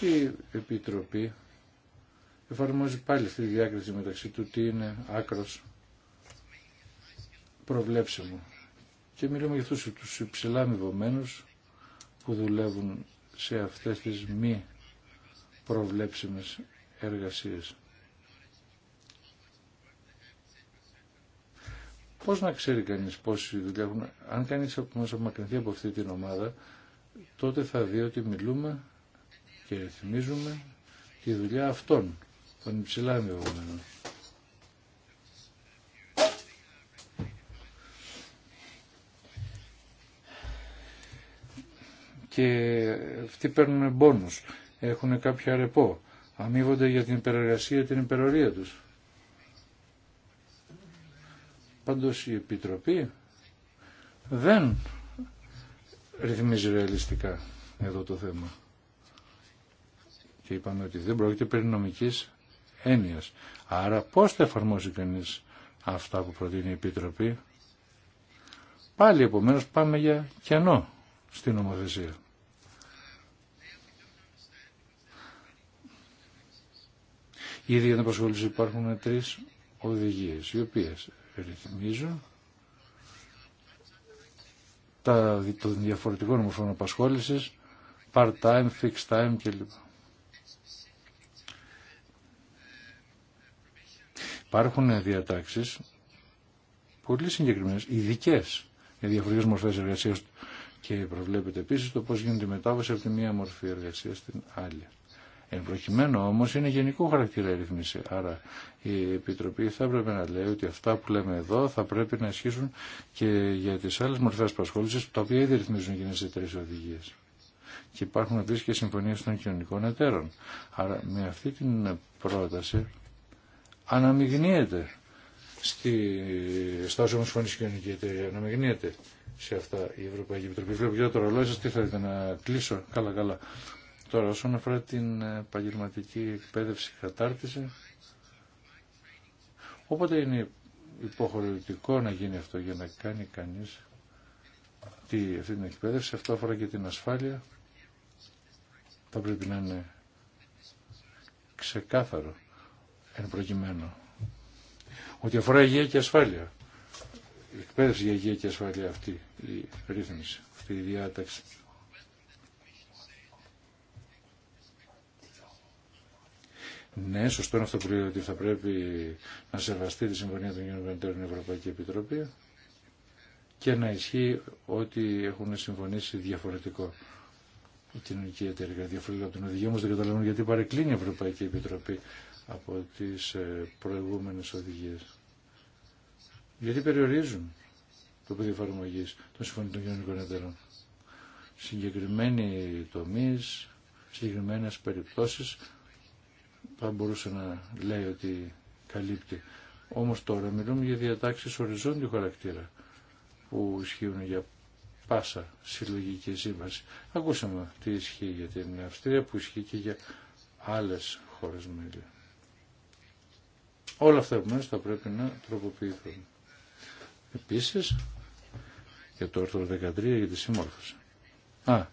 Η Επιτροπή εφαρμόζει πάλι αυτή τη διάκριση μεταξύ του τι είναι άκρος προβλέψιμο. Και μιλούμε για αυτούς τους υψηλά που δουλεύουν σε αυτές τις μη προβλέψιμες εργασίες. Πώς να ξέρει κανείς πόσοι δουλειά έχουν. Αν κανείς μας απομακρυνθεί από αυτή την ομάδα, τότε θα δει ότι μιλούμε και θυμίζουμε τη δουλειά αυτών, των υψηλά εμβεβόμενων. Και αυτοί παίρνουν μπόνους, έχουν κάποια ρεπό, αμείβονται για την για την υπερορία τους. Πάντως η Επιτροπή δεν ρυθμίζει ρεαλιστικά εδώ το θέμα. Και είπαμε ότι δεν πρόκειται περί νομικής έννοιας. Άρα πώς θα εφαρμόσει κανείς αυτά που προτείνει η Επιτροπή. Πάλι επομένως πάμε για κενό στην νομοθεσία. Ήδη για την υπάρχουν τρεις οδηγίες, οι οποίες Περιθυμίζω. τα, των διαφορετικών μορφών απασχόλησης, part-time, fixed time κλπ. Υπάρχουν διατάξεις πολύ συγκεκριμένες, ειδικέ για διαφορετικές μορφές εργασίας και προβλέπεται επίσης το πώς γίνεται η μετάβαση από τη μία μορφή εργασίας στην άλλη. Εν προκειμένου όμως είναι γενικό χαρακτήρα η ρυθμίση. Άρα η Επιτροπή θα έπρεπε να λέει ότι αυτά που λέμε εδώ θα πρέπει να ισχύσουν και για τις άλλες μορφές προσχόλησης τα οποία ήδη ρυθμίζουν σε τρεις οδηγίες. Και υπάρχουν επίση και συμφωνίες των κοινωνικών εταίρων. Άρα με αυτή την πρόταση αναμειγνύεται στη, στάση όσα μας φωνήσει η κοινωνική εταιρεία, αναμειγνύεται σε αυτά η Ευρωπαϊκή Επιτροπή. Βλέπω και το ρολόι τι θέλετε να κλείσω. Καλά, καλά. Τώρα, όσον αφορά την επαγγελματική εκπαίδευση κατάρτιση, όποτε είναι υποχρεωτικό να γίνει αυτό για να κάνει κανείς τι αυτή την εκπαίδευση, αυτό αφορά και την ασφάλεια, θα πρέπει να είναι ξεκάθαρο εν προκειμένου. Ότι αφορά υγεία και ασφάλεια. Η εκπαίδευση για υγεία και ασφάλεια αυτή η ρύθμιση, αυτή η διάταξη. Ναι, σωστό είναι αυτό που λέει ότι θα πρέπει να σεβαστεί τη Συμφωνία των Γενικών Ευρωπαϊκή Επιτροπή και να ισχύει ότι έχουν συμφωνήσει διαφορετικό η κοινωνική εταιρεία. Διαφορετικά από την οδηγία όμω δεν καταλαβαίνω γιατί παρεκκλίνει η Ευρωπαϊκή Επιτροπή από τι ε, προηγούμενε οδηγίε. Γιατί περιορίζουν το πεδίο εφαρμογή των συμφωνητών κοινωνικών εταιρών. Συγκεκριμένοι τομεί, συγκεκριμένε περιπτώσει θα μπορούσε να λέει ότι καλύπτει. Όμως τώρα μιλούμε για διατάξεις οριζόντιου χαρακτήρα που ισχύουν για πάσα συλλογική σύμβαση. Ακούσαμε τι ισχύει για την Αυστρία που ισχύει και για άλλες χώρες μέλη. Όλα αυτά επομένως θα πρέπει να τροποποιηθούν. Επίσης, για το άρθρο 13 για τη συμμόρφωση. Α,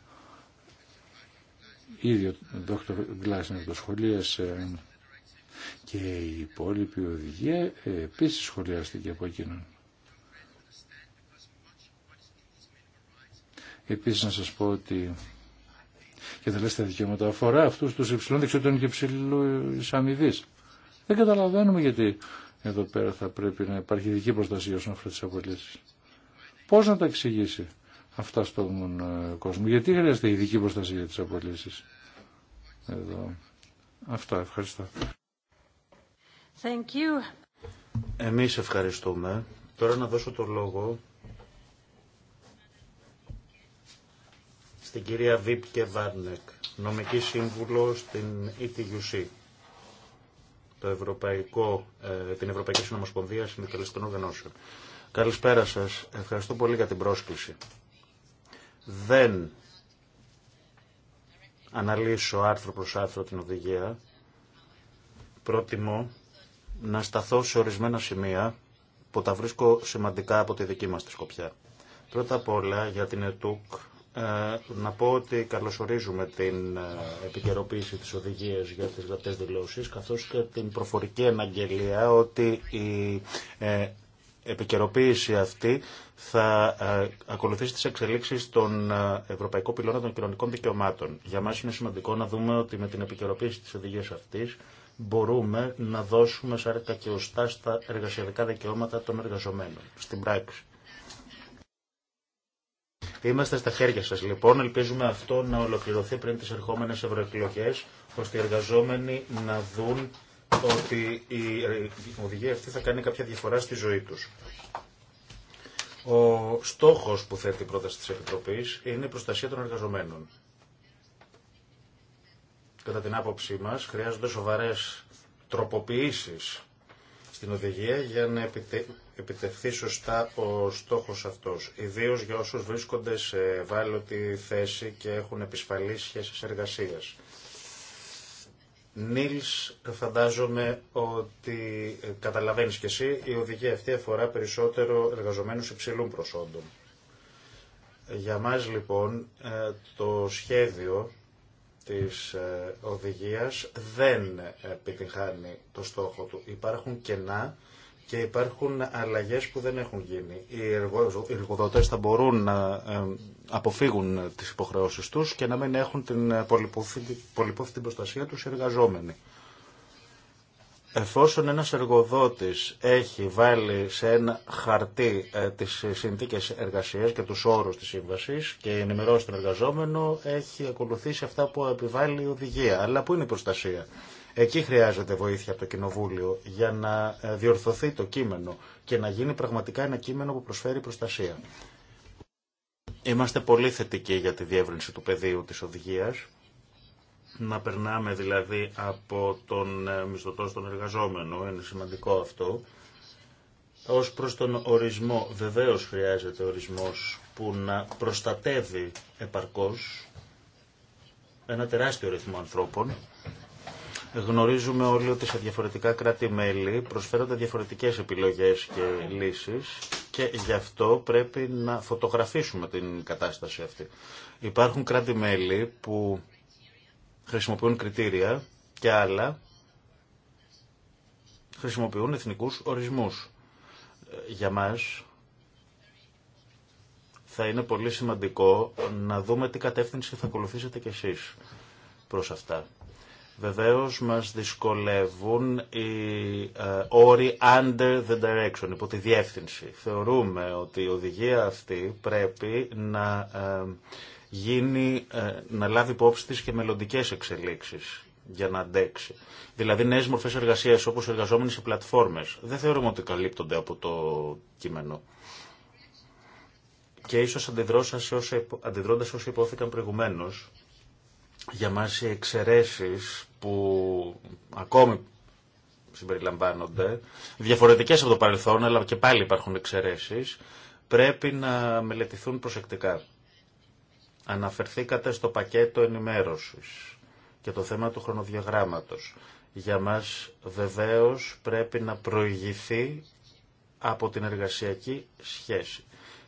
ήδη ο Δόκτωρ Γκλάσνερ το σχολίασε και η υπόλοιπη οδηγία επίσης σχολιάστηκε από εκείνον. Επίσης να σας πω ότι και θα λες τα δικαιώματα αφορά αυτούς τους υψηλών δεξιότητων και υψηλού αμοιβή. Δεν καταλαβαίνουμε γιατί εδώ πέρα θα πρέπει να υπάρχει ειδική προστασία όσον αφορά τις απολύσεις. Πώς να τα εξηγήσει αυτά στον ε, κόσμο. Γιατί χρειάζεται ειδική προστασία για τις Εδώ. Αυτά. Ευχαριστώ. Thank Εμείς ευχαριστούμε. Τώρα να δώσω το λόγο στην κυρία Βίπκε Βάρνεκ, νομική σύμβουλο στην ETUC, το Ευρωπαϊκό, ε, την Ευρωπαϊκή Συνομοσπονδία Συνδικαλιστικών Οργανώσεων. Καλησπέρα σας. Ευχαριστώ πολύ για την πρόσκληση δεν αναλύσω άρθρο προς άρθρο την οδηγία, πρότιμο να σταθώ σε ορισμένα σημεία που τα βρίσκω σημαντικά από τη δική μας τη σκοπιά. Πρώτα απ' όλα για την ΕΤΟΚ ε, να πω ότι καλωσορίζουμε την ε, επικαιροποίηση της οδηγίας για τις γραπτές δηλώσεις καθώς και την προφορική αναγγελία ότι η ε, επικαιροποίηση αυτή θα ε, ακολουθήσει τις εξελίξεις των ε, Ευρωπαϊκό Πυλώνα των Κοινωνικών Δικαιωμάτων. Για μας είναι σημαντικό να δούμε ότι με την επικαιροποίηση της οδηγίας αυτής μπορούμε να δώσουμε σάρκα και οστά στα εργασιακά δικαιώματα των εργαζομένων, στην πράξη. Είμαστε στα χέρια σας λοιπόν, ελπίζουμε αυτό να ολοκληρωθεί πριν τις ερχόμενες ευρωεκλογές, ώστε οι εργαζόμενοι να δουν ότι η οδηγία αυτή θα κάνει κάποια διαφορά στη ζωή τους. Ο στόχος που θέτει η πρόταση της Επιτροπής είναι η προστασία των εργαζομένων. Κατά την άποψή μας χρειάζονται σοβαρές τροποποιήσεις στην οδηγία για να επιτευχθεί σωστά ο στόχος αυτός. Ιδίως για όσους βρίσκονται σε βάλωτη θέση και έχουν επισφαλείς σχέσεις εργασίας. Νίλς, φαντάζομαι ότι ε, καταλαβαίνεις και εσύ, η οδηγία αυτή αφορά περισσότερο εργαζομένους υψηλών προσόντων. Για μας λοιπόν ε, το σχέδιο της ε, οδηγίας δεν επιτυχάνει το στόχο του. Υπάρχουν κενά και υπάρχουν αλλαγές που δεν έχουν γίνει. Οι εργοδότες θα μπορούν να ε, αποφύγουν τις υποχρεώσεις τους και να μην έχουν την πολυπόθητη προστασία τους οι εργαζόμενοι. Εφόσον ένας εργοδότης έχει βάλει σε ένα χαρτί ε, τις συνθήκε εργασία και τους όρους της σύμβασης και ενημερώσει τον εργαζόμενο, έχει ακολουθήσει αυτά που επιβάλλει η οδηγία. Αλλά πού είναι η προστασία. Εκεί χρειάζεται βοήθεια από το Κοινοβούλιο για να ε, διορθωθεί το κείμενο και να γίνει πραγματικά ένα κείμενο που προσφέρει προστασία. Είμαστε πολύ θετικοί για τη διεύρυνση του πεδίου της οδηγίας. Να περνάμε δηλαδή από τον ε, μισθωτό στον εργαζόμενο, είναι σημαντικό αυτό. Ως προς τον ορισμό, βεβαίως χρειάζεται ορισμός που να προστατεύει επαρκώς ένα τεράστιο ρυθμό ανθρώπων Γνωρίζουμε όλοι ότι σε διαφορετικά κράτη-μέλη προσφέρονται διαφορετικές επιλογές και λύσεις και γι' αυτό πρέπει να φωτογραφίσουμε την κατάσταση αυτή. Υπάρχουν κράτη-μέλη που χρησιμοποιούν κριτήρια και άλλα χρησιμοποιούν εθνικούς ορισμούς. Για μας θα είναι πολύ σημαντικό να δούμε τι κατεύθυνση θα ακολουθήσετε κι εσείς προς αυτά. Βεβαίως μας δυσκολεύουν οι ε, όροι under the direction, υπό τη διεύθυνση. Θεωρούμε ότι η οδηγία αυτή πρέπει να ε, γίνει, ε, να λάβει υπόψη της και μελλοντικέ εξελίξεις για να αντέξει. Δηλαδή νέες μορφές εργασίας όπως εργαζόμενοι σε πλατφόρμες. Δεν θεωρούμε ότι καλύπτονται από το κείμενο. Και ίσως αντιδρώντας όσοι υπόθηκαν προηγουμένως, για μας οι εξαιρέσεις που ακόμη συμπεριλαμβάνονται, διαφορετικές από το παρελθόν, αλλά και πάλι υπάρχουν εξαιρέσεις, πρέπει να μελετηθούν προσεκτικά. Αναφερθήκατε στο πακέτο ενημέρωσης και το θέμα του χρονοδιαγράμματος. Για μας βεβαίως πρέπει να προηγηθεί από την εργασιακή σχέση.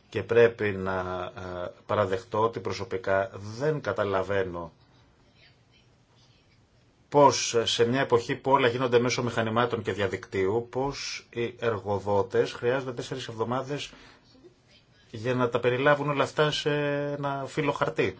Και πρέπει να ε, παραδεχτώ ότι προσωπικά δεν καταλαβαίνω πώς σε μια εποχή που όλα γίνονται μέσω μηχανημάτων και διαδικτύου, πώς οι εργοδότες χρειάζονται τέσσερις εβδομάδες για να τα περιλάβουν όλα αυτά σε ένα φύλλο χαρτί.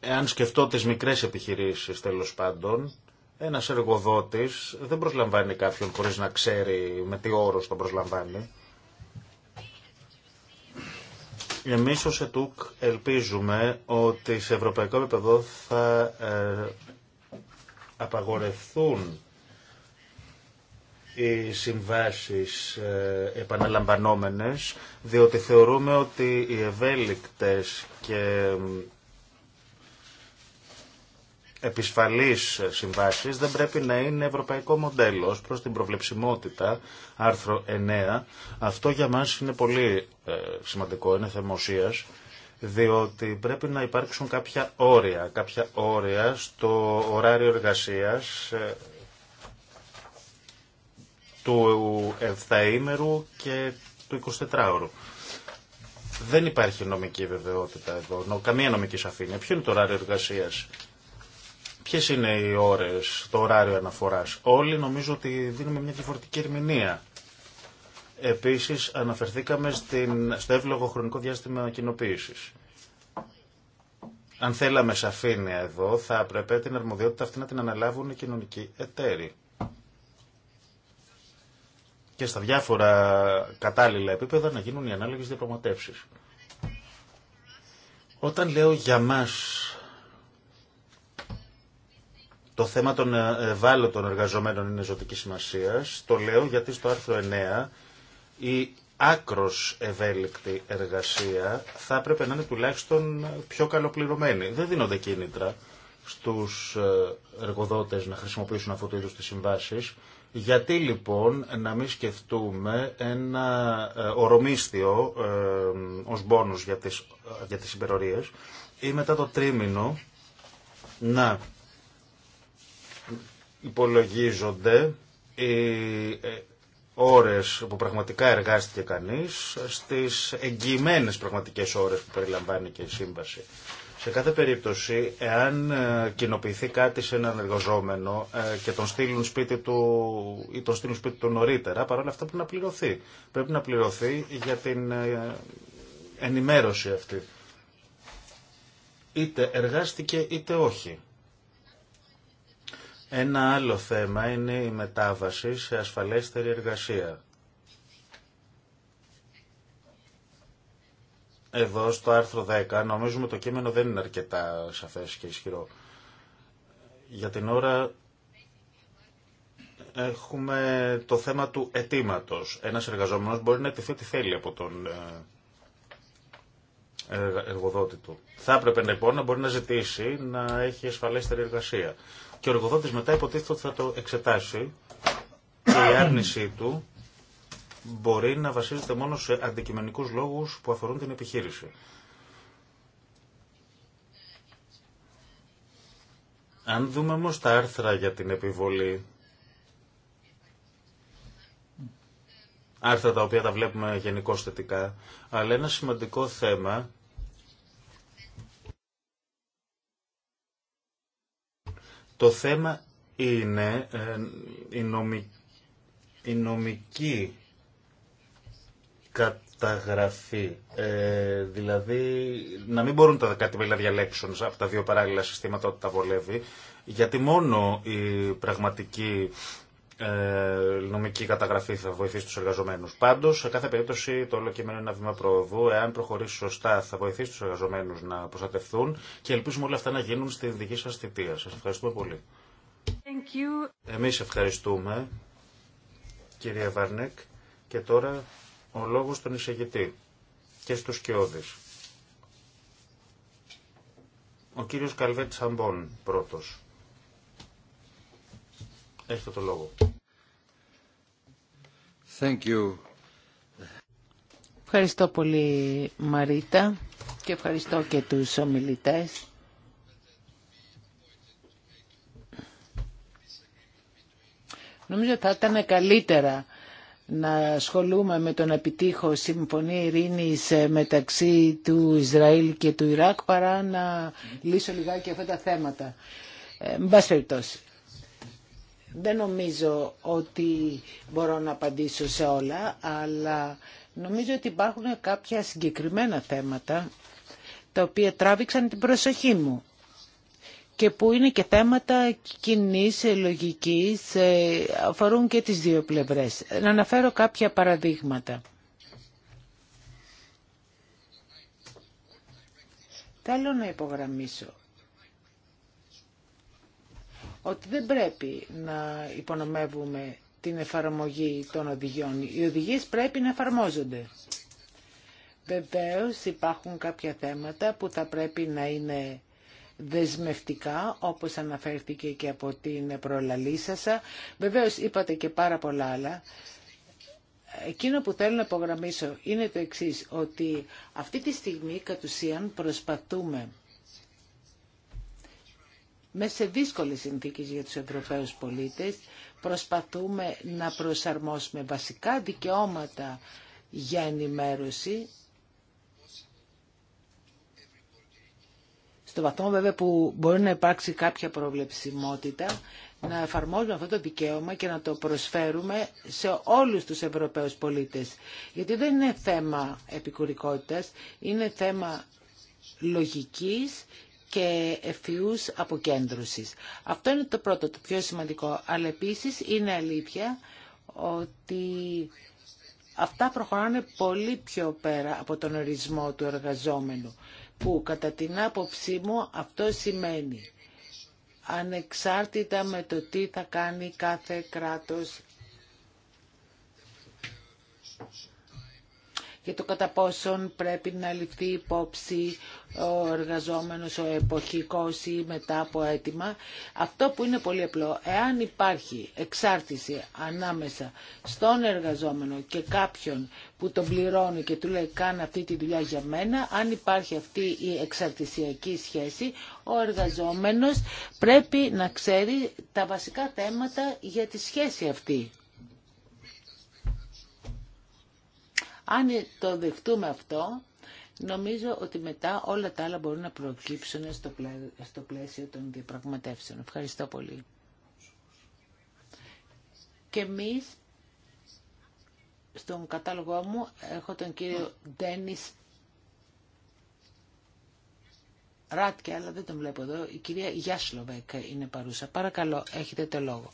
Εάν σκεφτώ τις μικρές επιχειρήσεις τέλος πάντων, ένας εργοδότης δεν προσλαμβάνει κάποιον χωρίς να ξέρει με τι όρος τον προσλαμβάνει. Εμείς ως ΕΤΟΚ ελπίζουμε ότι σε ευρωπαϊκό επίπεδο θα ε, απαγορευθούν οι συμβάσεις ε, επαναλαμβανόμενες, διότι θεωρούμε ότι οι ευέλικτες και Επισφαλής συμβάσεις δεν πρέπει να είναι ευρωπαϊκό μοντέλο ως προς την προβλεψιμότητα άρθρο 9. Αυτό για μας είναι πολύ ε, σημαντικό, είναι θεμοσίας διότι πρέπει να υπάρξουν κάποια όρια, κάποια όρια στο ωράριο εργασίας ε, του 7 και του 24ωρου. Δεν υπάρχει νομική βεβαιότητα εδώ, καμία νομική σαφήνεια. Ποιο είναι το ωράριο εργασίας Ποιες είναι οι ώρες, το ωράριο αναφοράς. Όλοι νομίζω ότι δίνουμε μια διαφορετική ερμηνεία. Επίσης αναφερθήκαμε στην, στο εύλογο χρονικό διάστημα κοινοποίηση. Αν θέλαμε σαφήνεια εδώ, θα έπρεπε την αρμοδιότητα αυτή να την αναλάβουν οι κοινωνικοί εταίροι. Και στα διάφορα κατάλληλα επίπεδα να γίνουν οι ανάλογες διαπραγματεύσεις. Όταν λέω για μας το θέμα των ε, ευάλωτων εργαζομένων είναι ζωτική σημασία. Το λέω γιατί στο άρθρο 9 η άκρος ευέλικτη εργασία θα έπρεπε να είναι τουλάχιστον πιο καλοπληρωμένη. Δεν δίνονται κίνητρα στους ε, εργοδότες να χρησιμοποιήσουν αυτού του είδου τι συμβάσει. Γιατί λοιπόν να μην σκεφτούμε ένα ε, ορομίσθιο ε, ως για τις, για τις ή μετά το τρίμηνο να υπολογίζονται οι ε, ώρες που πραγματικά εργάστηκε κανείς στις εγγυημένες πραγματικές ώρες που περιλαμβάνει και η σύμβαση. Σε κάθε περίπτωση, εάν ε, κοινοποιηθεί κάτι σε έναν εργοζόμενο ε, και τον στείλουν σπίτι του ή τον στείλουν σπίτι του νωρίτερα, παρόλα αυτά πρέπει να πληρωθεί. Πρέπει να πληρωθεί για την ενημέρωση αυτή. Είτε εργάστηκε είτε όχι. Ένα άλλο θέμα είναι η μετάβαση σε ασφαλέστερη εργασία. Εδώ στο άρθρο 10 νομίζουμε το κείμενο δεν είναι αρκετά σαφές και ισχυρό. Για την ώρα έχουμε το θέμα του αιτήματο. Ένας εργαζόμενος μπορεί να αιτηθεί ό,τι θέλει από τον ε, εργοδότη του. Θα έπρεπε λοιπόν να μπορεί να ζητήσει να έχει ασφαλέστερη εργασία και ο εργοδότη μετά υποτίθεται ότι θα το εξετάσει και η άρνησή του μπορεί να βασίζεται μόνο σε αντικειμενικού λόγους που αφορούν την επιχείρηση. Αν δούμε όμω τα άρθρα για την επιβολή, άρθρα τα οποία τα βλέπουμε γενικώ θετικά, αλλά ένα σημαντικό θέμα Το θέμα είναι ε, η, νομική, καταγραφή. Ε, δηλαδή, να μην μπορούν τα κάτι να διαλέξουν από τα δύο παράλληλα συστήματα ότι τα βολεύει, γιατί μόνο η πραγματική ε, νομική καταγραφή θα βοηθήσει του εργαζομένου. Πάντως, σε κάθε περίπτωση το όλο κείμενο είναι ένα βήμα προοδού. Εάν προχωρήσει σωστά θα βοηθήσει του εργαζομένου να προστατευτούν και ελπίζουμε όλα αυτά να γίνουν στην δική σα θητεία. Σας ευχαριστούμε πολύ. Εμεί Εμείς ευχαριστούμε, κυρία Βαρνέκ. Και τώρα ο λόγος στον εισηγητή και στους σκιώδεις. Ο κύριος Καλβέτ Σαμπών πρώτος. Έχετε το λόγο. Ευχαριστώ πολύ Μαρίτα και ευχαριστώ και τους ομιλητές. Νομίζω θα ήταν καλύτερα να ασχολούμαι με τον επιτύχο συμφωνία ειρήνης ε, μεταξύ του Ισραήλ και του Ιράκ παρά να λύσω λιγάκι αυτά τα θέματα. Ε, μπας περιπτώσει. Δεν νομίζω ότι μπορώ να απαντήσω σε όλα, αλλά νομίζω ότι υπάρχουν κάποια συγκεκριμένα θέματα τα οποία τράβηξαν την προσοχή μου και που είναι και θέματα κοινή ε, λογικής, ε, αφορούν και τις δύο πλευρές. Να αναφέρω κάποια παραδείγματα. Θέλω να υπογραμμίσω ότι δεν πρέπει να υπονομεύουμε την εφαρμογή των οδηγιών. Οι οδηγίες πρέπει να εφαρμόζονται. Βεβαίως υπάρχουν κάποια θέματα που θα πρέπει να είναι δεσμευτικά, όπως αναφέρθηκε και από την προλαλήσασα. Βεβαίως είπατε και πάρα πολλά άλλα. Εκείνο που θέλω να υπογραμμίσω είναι το εξής, ότι αυτή τη στιγμή κατ' ουσίαν προσπαθούμε μέσα σε δύσκολες συνθήκες για τους Ευρωπαίους πολίτες προσπαθούμε να προσαρμόσουμε βασικά δικαιώματα για ενημέρωση στο βαθμό βέβαια που μπορεί να υπάρξει κάποια προβλεψιμότητα, να εφαρμόζουμε αυτό το δικαίωμα και να το προσφέρουμε σε όλους τους Ευρωπαίους πολίτες. Γιατί δεν είναι θέμα επικουρικότητας, είναι θέμα λογικής και ευφυούς αποκέντρωσης. Αυτό είναι το πρώτο, το πιο σημαντικό. Αλλά επίσης είναι αλήθεια ότι αυτά προχωράνε πολύ πιο πέρα από τον ορισμό του εργαζόμενου, που κατά την άποψή μου αυτό σημαίνει ανεξάρτητα με το τι θα κάνει κάθε κράτος για το κατά πόσον πρέπει να ληφθεί υπόψη ο εργαζόμενος, ο εποχικός ή μετά από αίτημα. Αυτό που είναι πολύ απλό, εάν υπάρχει εξάρτηση ανάμεσα στον εργαζόμενο και κάποιον που τον πληρώνει και του λέει κάνε αυτή τη δουλειά για μένα, αν υπάρχει αυτή η εξαρτησιακή σχέση, ο εργαζόμενος πρέπει να ξέρει τα βασικά θέματα για τη σχέση αυτή. Αν το δεχτούμε αυτό, νομίζω ότι μετά όλα τα άλλα μπορούν να προκύψουν στο, πλαίσιο των διαπραγματεύσεων. Ευχαριστώ πολύ. Και εμείς στον κατάλογό μου έχω τον κύριο Ντένις Ράτκε, αλλά δεν τον βλέπω εδώ. Η κυρία Γιάσλοβεκ είναι παρούσα. Παρακαλώ, έχετε το λόγο.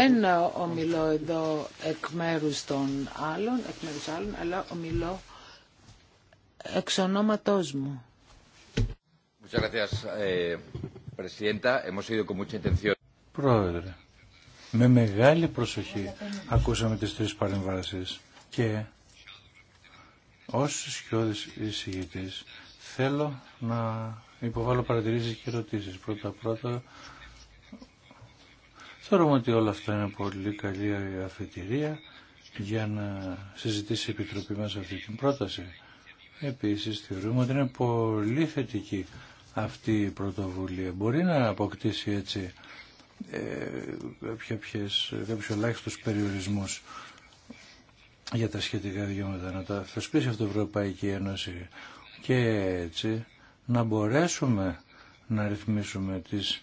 Δεν ομιλώ εδώ εκ μέρους των άλλων, εκ μέρους άλλων, αλλά ομιλώ εξ ονόματός μου. Eh, Πρόεδρε, με μεγάλη προσοχή ακούσαμε τις τρεις παρεμβάσεις και ως σιώδης εισηγητής θέλω να υποβάλω παρατηρήσεις και ερωτήσεις. Πρώτα-πρώτα Θεωρούμε ότι όλα αυτά είναι πολύ καλή αφετηρία για να συζητήσει η Επιτροπή μας αυτή την πρόταση. Επίσης θεωρούμε ότι είναι πολύ θετική αυτή η πρωτοβουλία. Μπορεί να αποκτήσει έτσι ε, κάποιους ελάχιστους περιορισμούς για τα σχετικά δικαιώματα να τα θεσπίσει αυτή η Ευρωπαϊκή Ένωση και έτσι να μπορέσουμε να ρυθμίσουμε τις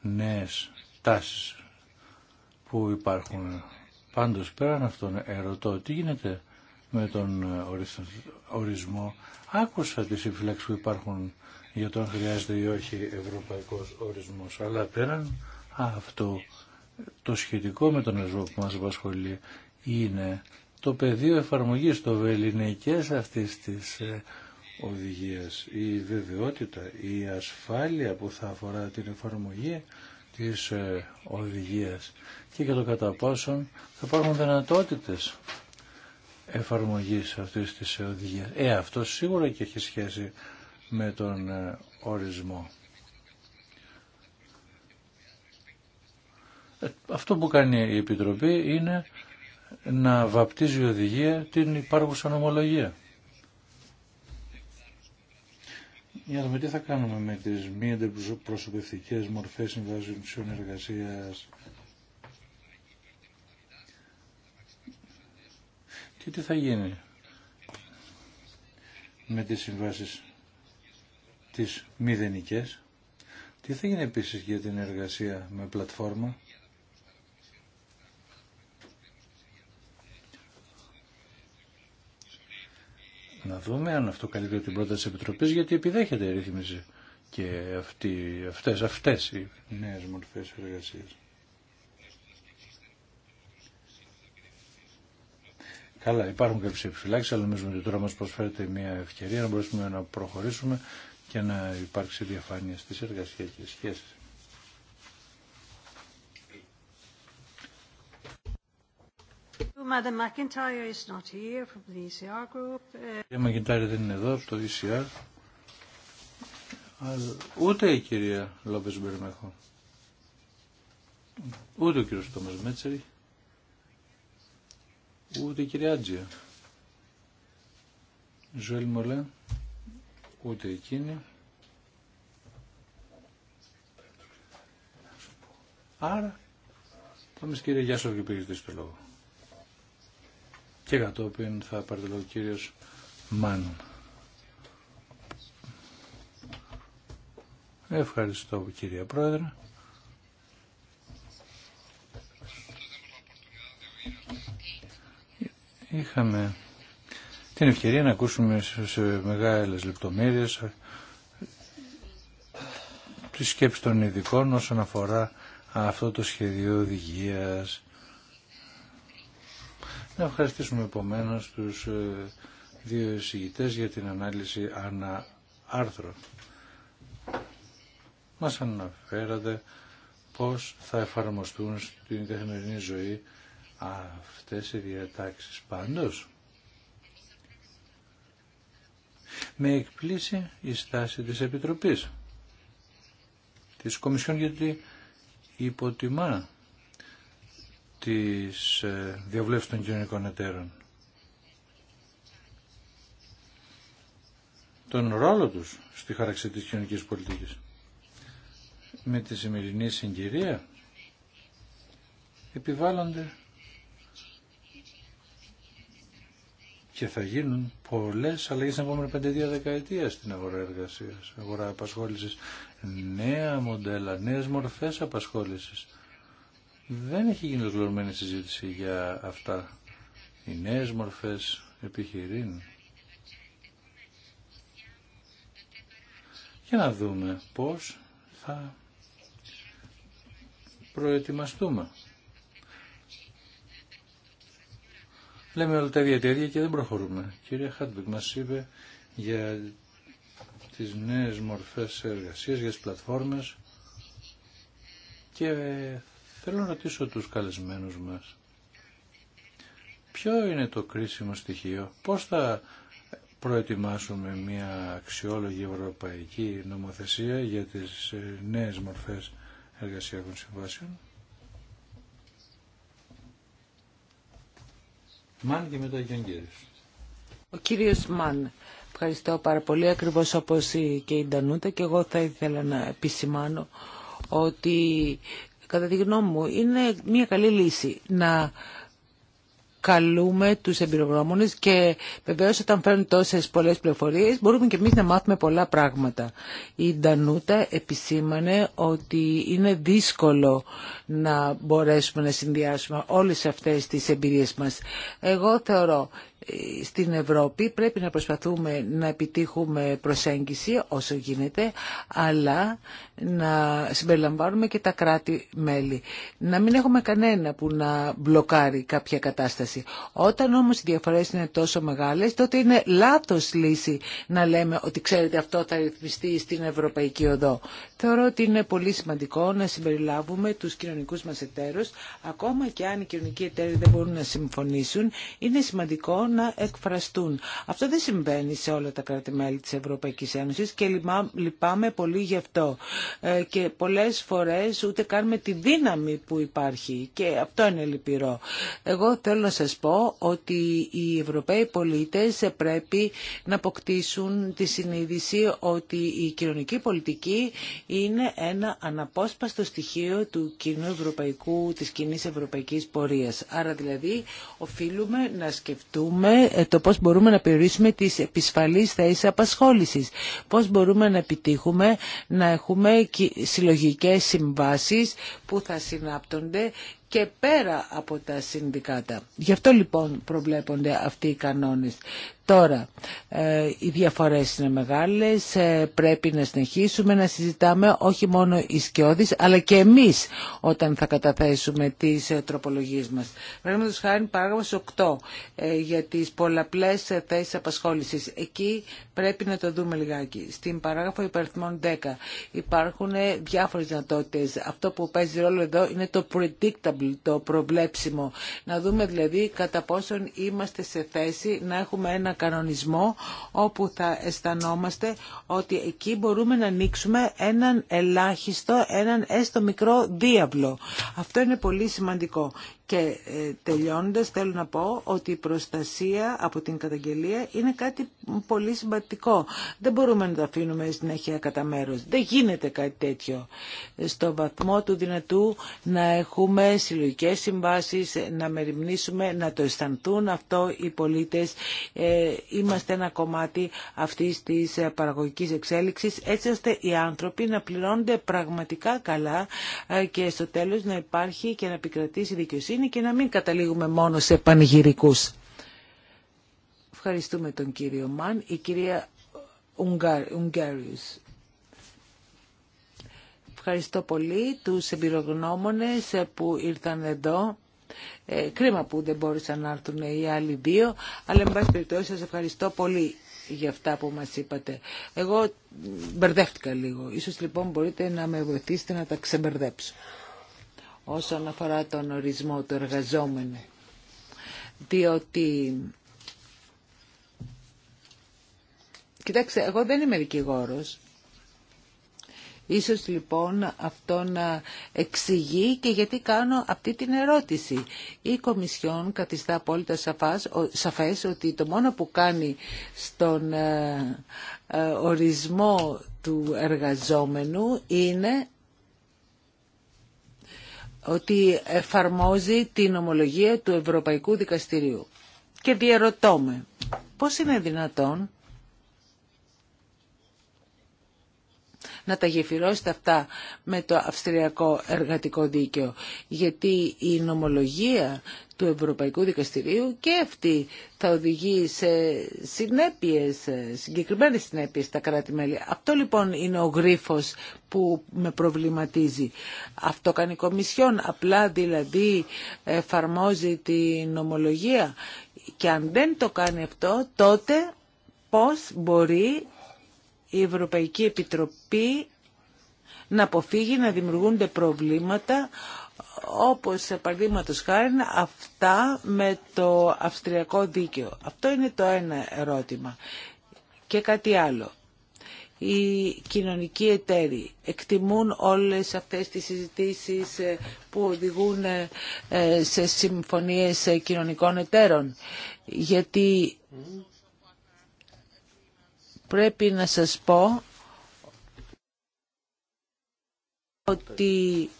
νέες τάσεις που υπάρχουν. Πάντως πέραν αυτόν ερωτώ τι γίνεται με τον ε, ορισμό. Άκουσα τις επιφυλάξεις που υπάρχουν για το αν χρειάζεται ή όχι ευρωπαϊκός ορισμός. Αλλά πέραν αυτό το σχετικό με τον ορισμό που μας απασχολεί είναι το πεδίο εφαρμογής το βεληνικές αυτής της ε, οδηγίας. Η βεβαιότητα, η ασφάλεια που θα αφορά την εφαρμογή της ε, οδηγίας και για το κατά πόσον θα υπάρχουν δυνατότητες εφαρμογής αυτής της ε, οδηγίας. Ε, αυτό σίγουρα και έχει σχέση με τον ε, ορισμό. Αυτό που κάνει η Επιτροπή είναι να βαπτίζει η οδηγία την υπάρχουσα νομολογία. για να δούμε τι θα κάνουμε με τις μη αντιπροσωπευτικές μορφές συμβάσεων εργασίας και τι θα γίνει με τις συμβάσεις τις μηδενικέ, τι θα γίνει επίσης για την εργασία με πλατφόρμα να δούμε αν αυτό καλύπτει την πρόταση της Επιτροπής γιατί επιδέχεται η ρύθμιση και αυτή, αυτές, αυτές οι νέες μορφές εργασίας. Καλά, υπάρχουν κάποιε επιφυλάξει, αλλά νομίζουμε ότι τώρα μα προσφέρεται μια ευκαιρία να μπορέσουμε να προχωρήσουμε και να υπάρξει διαφάνεια στι εργασιακέ σχέσει. Madam McIntyre is e uh, δεν είναι εδώ από το ECR. Ούτε η κυρία Λόπες Μπερμέχο. Ούτε ο κύριος Τόμας Μέτσερη. Ούτε η κυρία Άτζια. Ζωέλ Μολέ. Ούτε εκείνη. Άρα, πάμε στην κυρία Γιάσο και πήγε το λόγο και κατόπιν θα πάρει το λόγο ο κύριος Μάνου. Ευχαριστώ κύριε Πρόεδρε. Είχαμε την ευκαιρία να ακούσουμε σε μεγάλες λεπτομέρειες τη σκέψη των ειδικών όσον αφορά αυτό το σχέδιο οδηγίας να ευχαριστήσουμε επομένω τους ε, δύο εισηγητές για την ανάλυση ανά άρθρο. Μας αναφέρατε πώς θα εφαρμοστούν στην καθημερινή ζωή αυτές οι διατάξεις πάντως. Με εκπλήσει η στάση της Επιτροπής, της Κομισιόν γιατί υποτιμά τις ε, διαβλέψης των κοινωνικών εταίρων. Τον ρόλο τους στη χάραξη της κοινωνικής πολιτικής. Με τη σημερινή συγκυρία επιβάλλονται και θα γίνουν πολλές αλλαγές στην επόμενη πενταετία δεκαετία στην αγορά εργασίας, αγορά απασχόλησης, νέα μοντέλα, νέες μορφές απασχόλησης δεν έχει γίνει ολοκληρωμένη συζήτηση για αυτά. Οι νέες μορφές επιχειρήν. Για να δούμε πώς θα προετοιμαστούμε. Λέμε όλα τα ίδια και δεν προχωρούμε. Η κυρία Χάντβικ μας είπε για τις νέες μορφές εργασίας, για τις πλατφόρμες και Θέλω να ρωτήσω τους καλεσμένους μας. Ποιο είναι το κρίσιμο στοιχείο, πώς θα προετοιμάσουμε μια αξιόλογη ευρωπαϊκή νομοθεσία για τις ε, νέες μορφές εργασιακών συμβάσεων. Μαν και μετά κύριος. Ο κύριος Μαν. Ευχαριστώ πάρα πολύ. Ακριβώς όπως και η Ντανούτα και εγώ θα ήθελα να επισημάνω ότι κατά τη γνώμη μου, είναι μια καλή λύση να καλούμε τους εμπειρογνώμονες και βεβαίως όταν φέρνουν τόσες πολλές πληροφορίες μπορούμε και εμείς να μάθουμε πολλά πράγματα. Η Ντανούτα επισήμανε ότι είναι δύσκολο να μπορέσουμε να συνδυάσουμε όλες αυτές τις εμπειρίες μας. Εγώ θεωρώ στην Ευρώπη πρέπει να προσπαθούμε να επιτύχουμε προσέγγιση όσο γίνεται, αλλά να συμπεριλαμβάνουμε και τα κράτη-μέλη. Να μην έχουμε κανένα που να μπλοκάρει κάποια κατάσταση. Όταν όμως οι διαφορές είναι τόσο μεγάλες, τότε είναι λάθος λύση να λέμε ότι ξέρετε αυτό θα ρυθμιστεί στην Ευρωπαϊκή Οδό. Θεωρώ ότι είναι πολύ σημαντικό να συμπεριλάβουμε τους κοινωνικούς μας εταίρους, ακόμα και αν οι κοινωνικοί εταίροι δεν μπορούν να συμφωνήσουν, είναι σημαντικό να εκφραστούν. Αυτό δεν συμβαίνει σε όλα τα κράτη-μέλη της Ευρωπαϊκής Ένωσης και λυπάμαι πολύ γι' αυτό. Ε, και πολλές φορές ούτε κάνουμε τη δύναμη που υπάρχει και αυτό είναι λυπηρό. Εγώ θέλω να σας πω ότι οι Ευρωπαίοι πολίτες πρέπει να αποκτήσουν τη συνείδηση ότι η κοινωνική πολιτική είναι ένα αναπόσπαστο στοιχείο του κοινού ευρωπαϊκού, της κοινής ευρωπαϊκής πορείας. Άρα δηλαδή οφείλουμε να σκεφτούμε ε, το πώς μπορούμε να περιορίσουμε τις επισφαλείς θέσεις απασχόλησης, πώς μπορούμε να επιτύχουμε να έχουμε συλλογικές συμβάσεις που θα συνάπτονται και πέρα από τα συνδικάτα. Γι' αυτό λοιπόν προβλέπονται αυτοί οι κανόνες. Τώρα, ε, οι διαφορές είναι μεγάλες, ε, πρέπει να συνεχίσουμε να συζητάμε όχι μόνο οι σκιώδεις, αλλά και εμείς όταν θα καταθέσουμε τις ε, τροπολογίες μας. τους χάρη παράγραφος 8 ε, για τις πολλαπλές ε, θέσεις απασχόλησης. Εκεί πρέπει να το δούμε λιγάκι. Στην παράγραφο υπερθυμών 10 υπάρχουν ε, διάφορες δυνατότητε. Αυτό που παίζει ρόλο εδώ είναι το predictable το προβλέψιμο. Να δούμε δηλαδή κατά πόσον είμαστε σε θέση να έχουμε ένα κανονισμό όπου θα αισθανόμαστε ότι εκεί μπορούμε να ανοίξουμε έναν ελάχιστο, έναν έστω μικρό διάβλο. Αυτό είναι πολύ σημαντικό. Και ε, τελειώνοντας θέλω να πω ότι η προστασία από την καταγγελία είναι κάτι πολύ σημαντικό Δεν μπορούμε να το αφήνουμε αρχαία κατά μέρος. Δεν γίνεται κάτι τέτοιο. Ε, στο βαθμό του δυνατού να έχουμε συλλογικές συμβάσεις, να μεριμνήσουμε, να το αισθανθούν αυτό οι πολίτες. Ε, είμαστε ένα κομμάτι αυτής της ε, παραγωγικής εξέλιξης, έτσι ώστε οι άνθρωποι να πληρώνονται πραγματικά καλά ε, και στο τέλος να υπάρχει και να επικρατήσει δικαιοσύνη και να μην καταλήγουμε μόνο σε πανηγυρικούς. Ευχαριστούμε τον κύριο Μαν. Η κυρία Ευχαριστώ πολύ τους εμπειρογνώμονες που ήρθαν εδώ. Ε, κρίμα που δεν μπόρεσαν να έρθουν οι άλλοι δύο, αλλά με πάση περιπτώσει σας ευχαριστώ πολύ για αυτά που μας είπατε. Εγώ μπερδεύτηκα λίγο. Ίσως λοιπόν μπορείτε να με βοηθήσετε να τα ξεμπερδέψω. Όσον αφορά τον ορισμό του εργαζόμενου. Διότι... Κοιτάξτε, εγώ δεν είμαι δικηγόρος. Ίσως λοιπόν αυτό να εξηγεί και γιατί κάνω αυτή την ερώτηση. Η Κομισιόν καθιστά απόλυτα σαφάς, σαφές ότι το μόνο που κάνει στον ε, ε, ορισμό του εργαζόμενου είναι ότι εφαρμόζει την ομολογία του Ευρωπαϊκού Δικαστηρίου. Και διαρωτώ με, πώς είναι δυνατόν να τα γεφυρώσετε αυτά με το αυστριακό εργατικό δίκαιο. Γιατί η νομολογία του Ευρωπαϊκού Δικαστηρίου και αυτή θα οδηγεί σε συνέπειες, συγκεκριμένες συνέπειες στα κράτη-μέλη. Αυτό λοιπόν είναι ο γρίφος που με προβληματίζει. Αυτό κάνει η Κομισιόν, απλά δηλαδή εφαρμόζει την νομολογία και αν δεν το κάνει αυτό τότε πώς μπορεί η Ευρωπαϊκή Επιτροπή να αποφύγει να δημιουργούνται προβλήματα όπως παραδείγματος χάρη αυτά με το αυστριακό δίκαιο. Αυτό είναι το ένα ερώτημα. Και κάτι άλλο. Οι κοινωνικοί εταίροι εκτιμούν όλες αυτές τις συζητήσεις ε, που οδηγούν ε, ε, σε συμφωνίες κοινωνικών εταίρων. Γιατί πρέπει να σας πω ότι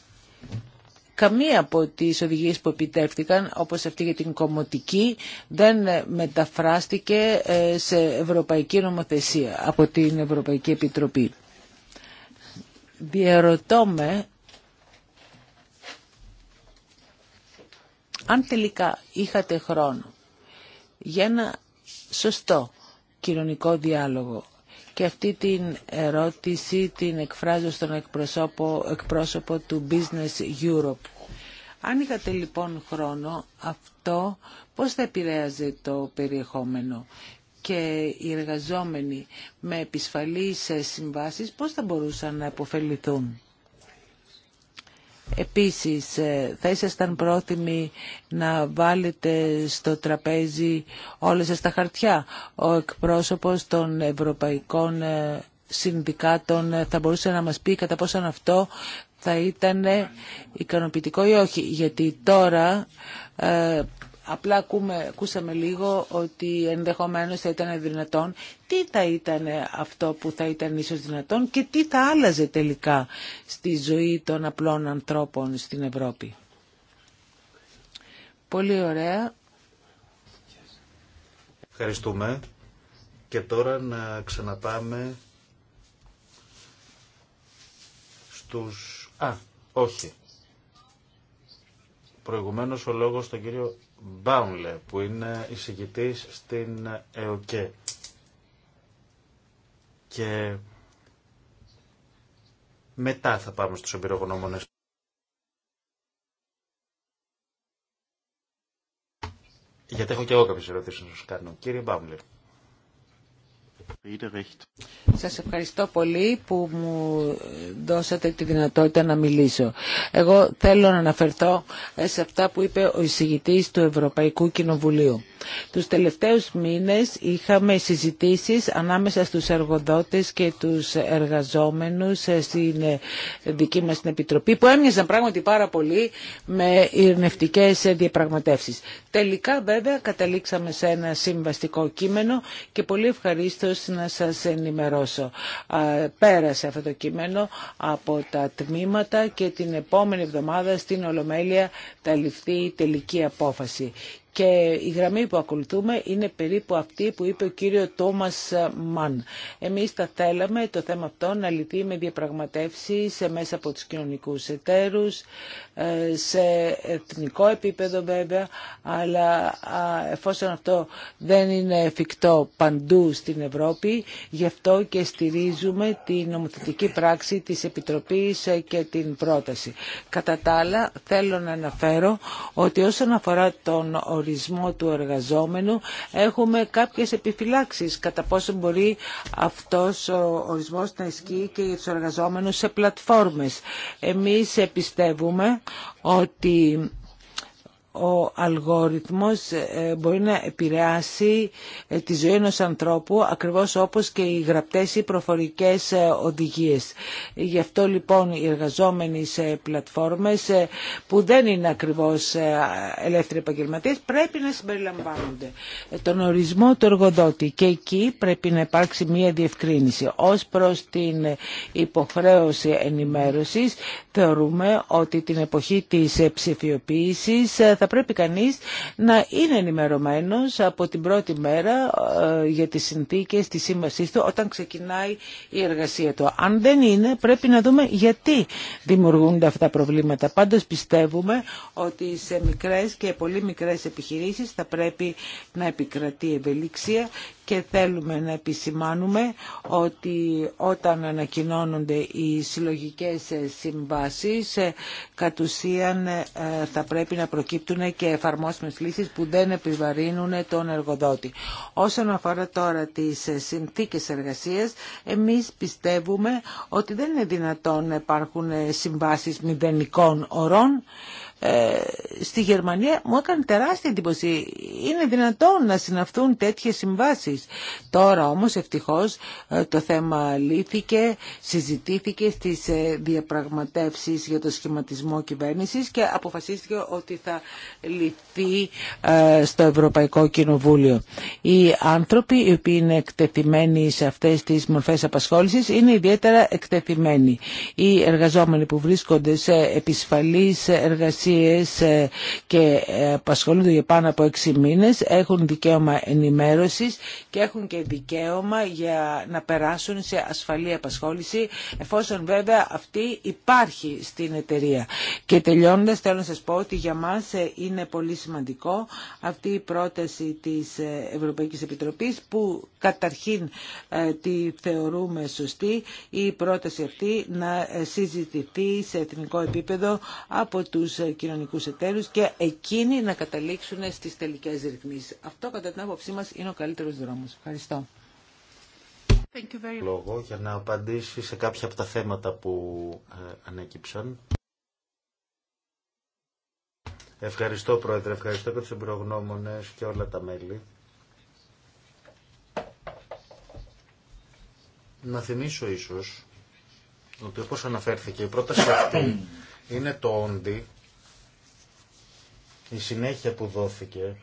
καμία από τις οδηγίες που επιτεύχθηκαν, όπως αυτή για την κομμωτική, δεν μεταφράστηκε ε, σε ευρωπαϊκή νομοθεσία από την Ευρωπαϊκή Επιτροπή. Διερωτώ με αν τελικά είχατε χρόνο για να σωστό κοινωνικό διάλογο. Και αυτή την ερώτηση την εκφράζω στον εκπροσώπο, εκπρόσωπο του Business Europe. Αν είχατε λοιπόν χρόνο, αυτό πώς θα επηρέαζε το περιεχόμενο και οι εργαζόμενοι με επισφαλείς ε, συμβάσεις πώς θα μπορούσαν να επωφεληθούν. Επίσης, ε, θα ήσασταν πρόθυμοι να βάλετε στο τραπέζι όλες σας τα χαρτιά. Ο εκπρόσωπος των Ευρωπαϊκών ε, Συνδικάτων ε, θα μπορούσε να μας πει κατά πόσον αυτό θα ήταν ικανοποιητικό ή όχι. Γιατί τώρα Απλά ακούμε, ακούσαμε λίγο ότι ενδεχομένως θα ήταν δυνατόν. Τι θα ήταν αυτό που θα ήταν ίσως δυνατόν και τι θα άλλαζε τελικά στη ζωή των απλών ανθρώπων στην Ευρώπη. Πολύ ωραία. Ευχαριστούμε. Και τώρα να ξαναπάμε στους... Α, όχι. Προηγουμένως ο λόγος στον κύριο Μπάουνλε που είναι εισηγητή στην ΕΟΚΕ. Και μετά θα πάμε στους εμπειρογνώμονες. Γιατί έχω και εγώ κάποιες ερωτήσεις να σας κάνω. Κύριε Μπάουνλε. Σας ευχαριστώ πολύ που μου δώσατε τη δυνατότητα να μιλήσω. Εγώ θέλω να αναφερθώ σε αυτά που είπε ο εισηγητής του Ευρωπαϊκού Κοινοβουλίου. Τους τελευταίους μήνες είχαμε συζητήσεις ανάμεσα στους εργοδότες και τους εργαζόμενους στην δική μας την Επιτροπή που έμοιαζαν πράγματι πάρα πολύ με ειρνευτικές διαπραγματεύσεις. Τελικά βέβαια καταλήξαμε σε ένα συμβαστικό κείμενο και πολύ ευχαρίστως να σας ενημερώσω. Πέρασε αυτό το κείμενο από τα τμήματα και την επόμενη εβδομάδα στην Ολομέλεια θα ληφθεί η τελική απόφαση. Και η γραμμή που ακολουθούμε είναι περίπου αυτή που είπε ο κύριο Τόμας Μαν. Εμείς θα θέλαμε το θέμα αυτό να λυθεί με διαπραγματεύσεις μέσα από τους κοινωνικούς εταίρους, ε, σε εθνικό επίπεδο βέβαια, αλλά εφόσον αυτό δεν είναι εφικτό παντού στην Ευρώπη, γι' αυτό και στηρίζουμε την νομοθετική πράξη της Επιτροπής και την πρόταση. Κατά τα άλλα, θέλω να αναφέρω ότι όσον αφορά τον ορισμό του εργαζόμενου έχουμε κάποιες επιφυλάξεις κατά πόσο μπορεί αυτός ο ορισμός να ισχύει και για τους εργαζόμενους σε πλατφόρμες. Εμείς πιστεύουμε ότι ο αλγόριθμος ε, μπορεί να επηρεάσει ε, τη ζωή ενός ανθρώπου ακριβώς όπως και οι γραπτές ή προφορικές ε, οδηγίες. Γι' αυτό λοιπόν οι εργαζόμενοι σε πλατφόρμες που δεν είναι ακριβώς ελεύθεροι επαγγελματίες πρέπει να συμπεριλαμβάνονται. Τον ορισμό του εργοδότη και εκεί πρέπει να υπάρξει μία διευκρίνηση ως προς την υποχρέωση ενημέρωσης θεωρούμε ότι την εποχή της ψηφιοποίησης ε, θα πρέπει κανείς να είναι ενημερωμένος από την πρώτη μέρα ε, για τις συνθήκες της σύμβασής του όταν ξεκινάει η εργασία του. Αν δεν είναι πρέπει να δούμε γιατί δημιουργούνται αυτά τα προβλήματα. Πάντως πιστεύουμε ότι σε μικρές και πολύ μικρές επιχειρήσεις θα πρέπει να επικρατεί ευελιξία και θέλουμε να επισημάνουμε ότι όταν ανακοινώνονται οι συλλογικές ε, συμβάσεις ε, κατ' ουσίαν ε, θα πρέπει να προκύπτουν και εφαρμόσιμες λύσεις που δεν επιβαρύνουν τον εργοδότη. Όσον αφορά τώρα τις συνθήκες εργασίας, εμείς πιστεύουμε ότι δεν είναι δυνατόν να υπάρχουν συμβάσεις μηδενικών ορών ε, στη Γερμανία μου έκανε τεράστια εντύπωση. Είναι δυνατόν να συναυθούν τέτοιες συμβάσεις. Τώρα όμως ευτυχώς ε, το θέμα λύθηκε, συζητήθηκε στις ε, διαπραγματεύσεις για το σχηματισμό κυβέρνησης και αποφασίστηκε ότι θα λυθεί στο Ευρωπαϊκό Κοινοβούλιο. Οι άνθρωποι οι οποίοι είναι εκτεθειμένοι σε αυτές τις μορφές απασχόλησης είναι ιδιαίτερα εκτεθειμένοι. Οι εργαζόμενοι που βρίσκονται σε εργασία ε, και ε, απασχολούνται για πάνω από 6 μήνες έχουν δικαίωμα ενημέρωσης και έχουν και δικαίωμα για να περάσουν σε ασφαλή απασχόληση εφόσον βέβαια αυτή υπάρχει στην εταιρεία. Και τελειώνοντας θέλω να σας πω ότι για μας ε, είναι πολύ σημαντικό αυτή η πρόταση της Ευρωπαϊκής Επιτροπής που καταρχήν τη θεωρούμε σωστή η πρόταση αυτή να συζητηθεί σε εθνικό επίπεδο από τους κοινωνικού εταίρους και εκείνοι να καταλήξουν στις τελικές ρυθμίσεις. Αυτό κατά την άποψή μας είναι ο καλύτερος δρόμος. Ευχαριστώ. Λόγο για να απαντήσει σε κάποια από τα θέματα που ε, ανέκυψαν. Ευχαριστώ Πρόεδρε, ευχαριστώ και τους εμπειρογνώμονες και όλα τα μέλη. Να θυμίσω ίσως ότι όπως αναφέρθηκε η πρόταση αυτή είναι το όντι η συνέχεια που δόθηκε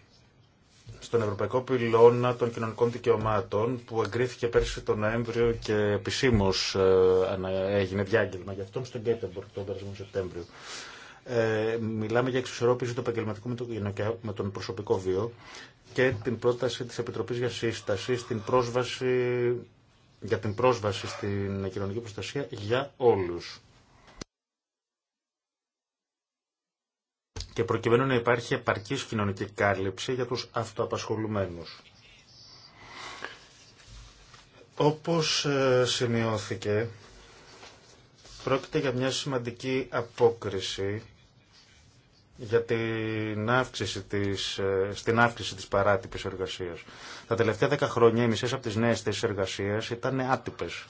στον Ευρωπαϊκό Πυλώνα των Κοινωνικών Δικαιωμάτων που εγκρίθηκε πέρσι τον Νοέμβριο και επισήμω ε, έγινε διάγγελμα για αυτόν στον Κέτεμπορκ τον περασμένο Σεπτέμβριο. Ε, μιλάμε για εξισορρόπηση του επαγγελματικού με τον προσωπικό βίο και την πρόταση της Επιτροπής για Σύσταση στην πρόσβαση, για την πρόσβαση στην κοινωνική προστασία για όλους. και προκειμένου να υπάρχει επαρκή κοινωνική κάλυψη για τους αυτοαπασχολουμένους. Όπως ε, σημειώθηκε, πρόκειται για μια σημαντική απόκριση για την αύξηση της, ε, στην αύξηση της παράτυπης εργασίας. Τα τελευταία δέκα χρόνια οι μισές από τις νέες θέσεις εργασίας ήταν άτυπες.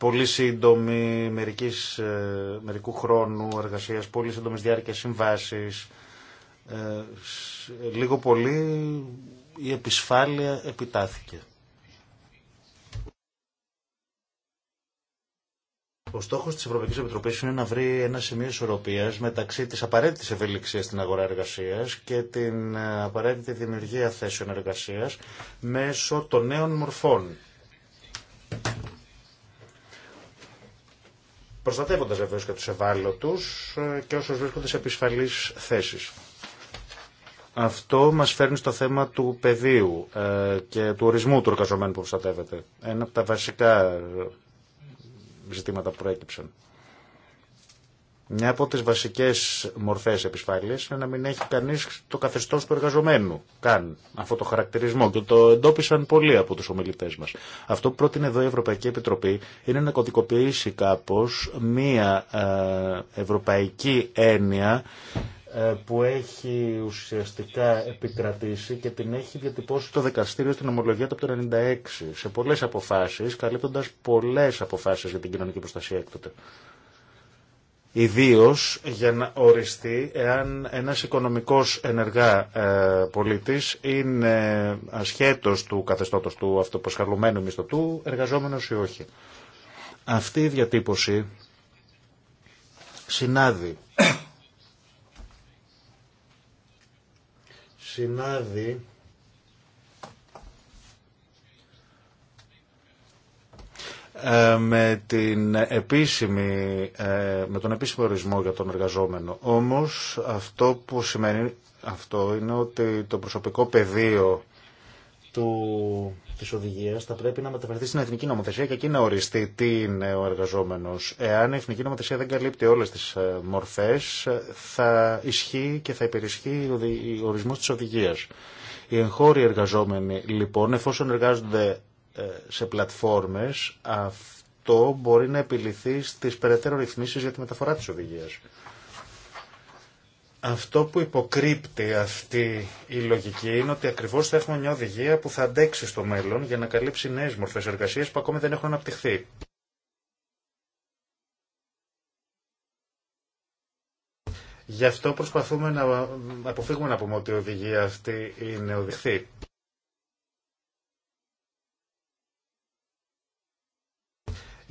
πολύ σύντομη, μερικής, ε, μερικού χρόνου εργασίας, πολύ σύντομης διάρκεια συμβάσεις, ε, λίγο πολύ η επισφάλεια επιτάθηκε. Ο στόχος της Ευρωπαϊκής Επιτροπή είναι να βρει ένα σημείο ισορροπίας μεταξύ της απαραίτητη ευελιξίας στην αγορά εργασίας και την ε, απαραίτητη δημιουργία θέσεων εργασίας μέσω των νέων μορφών Προστατεύοντα βεβαίω και τους ευάλωτου ε, και όσου βρίσκονται σε επισφαλείς θέσεις. Αυτό μας φέρνει στο θέμα του πεδίου ε, και του ορισμού του εργαζομένου που προστατεύεται. Ένα από τα βασικά ε, ζητήματα που προέκυψαν. Μια από τις βασικές μορφές επισφάλειας είναι να μην έχει κανείς το καθεστώς του εργαζομένου. Καν αυτό το χαρακτηρισμό και το εντόπισαν πολλοί από τους ομιλητές μας. Αυτό που πρότεινε εδώ η Ευρωπαϊκή Επιτροπή είναι να κωδικοποιήσει κάπως μία ε, ευρωπαϊκή έννοια ε, που έχει ουσιαστικά επικρατήσει και την έχει διατυπώσει το δικαστήριο στην ομολογία του από το 1996 σε πολλές αποφάσεις, καλύπτοντας πολλές αποφάσεις για την κοινωνική προστασία έκτοτε. Ιδίω για να οριστεί εάν ένας οικονομικός ενεργά ε, πολίτης είναι ασχέτως του καθεστώτος του αυτοπροσχαλουμένου μισθωτού εργαζόμενος ή όχι. Αυτή η διατύπωση συνάδει. συνάδει Ε, με, την επίσημη, ε, με τον επίσημο ορισμό για τον εργαζόμενο. Όμως αυτό που σημαίνει αυτό είναι ότι το προσωπικό πεδίο του, της οδηγίας θα πρέπει να μεταφερθεί στην εθνική νομοθεσία και εκεί να οριστεί τι είναι ο εργαζόμενος. Εάν η εθνική νομοθεσία δεν καλύπτει όλες τις ε, μορφές θα ισχύει και θα υπερισχύει ο ορισμός της οδηγίας. Οι εγχώροι εργαζόμενοι λοιπόν εφόσον εργάζονται ε, σε πλατφόρμες αυτό μπορεί να επιληθεί στις περαιτέρω ρυθμίσεις για τη μεταφορά της οδηγίας. Αυτό που υποκρύπτει αυτή η λογική είναι ότι ακριβώς θα έχουμε μια οδηγία που θα αντέξει στο μέλλον για να καλύψει νέες μορφές εργασίας που ακόμη δεν έχουν αναπτυχθεί. Γι' αυτό προσπαθούμε να αποφύγουμε να πούμε ότι η οδηγία αυτή είναι οδηγή.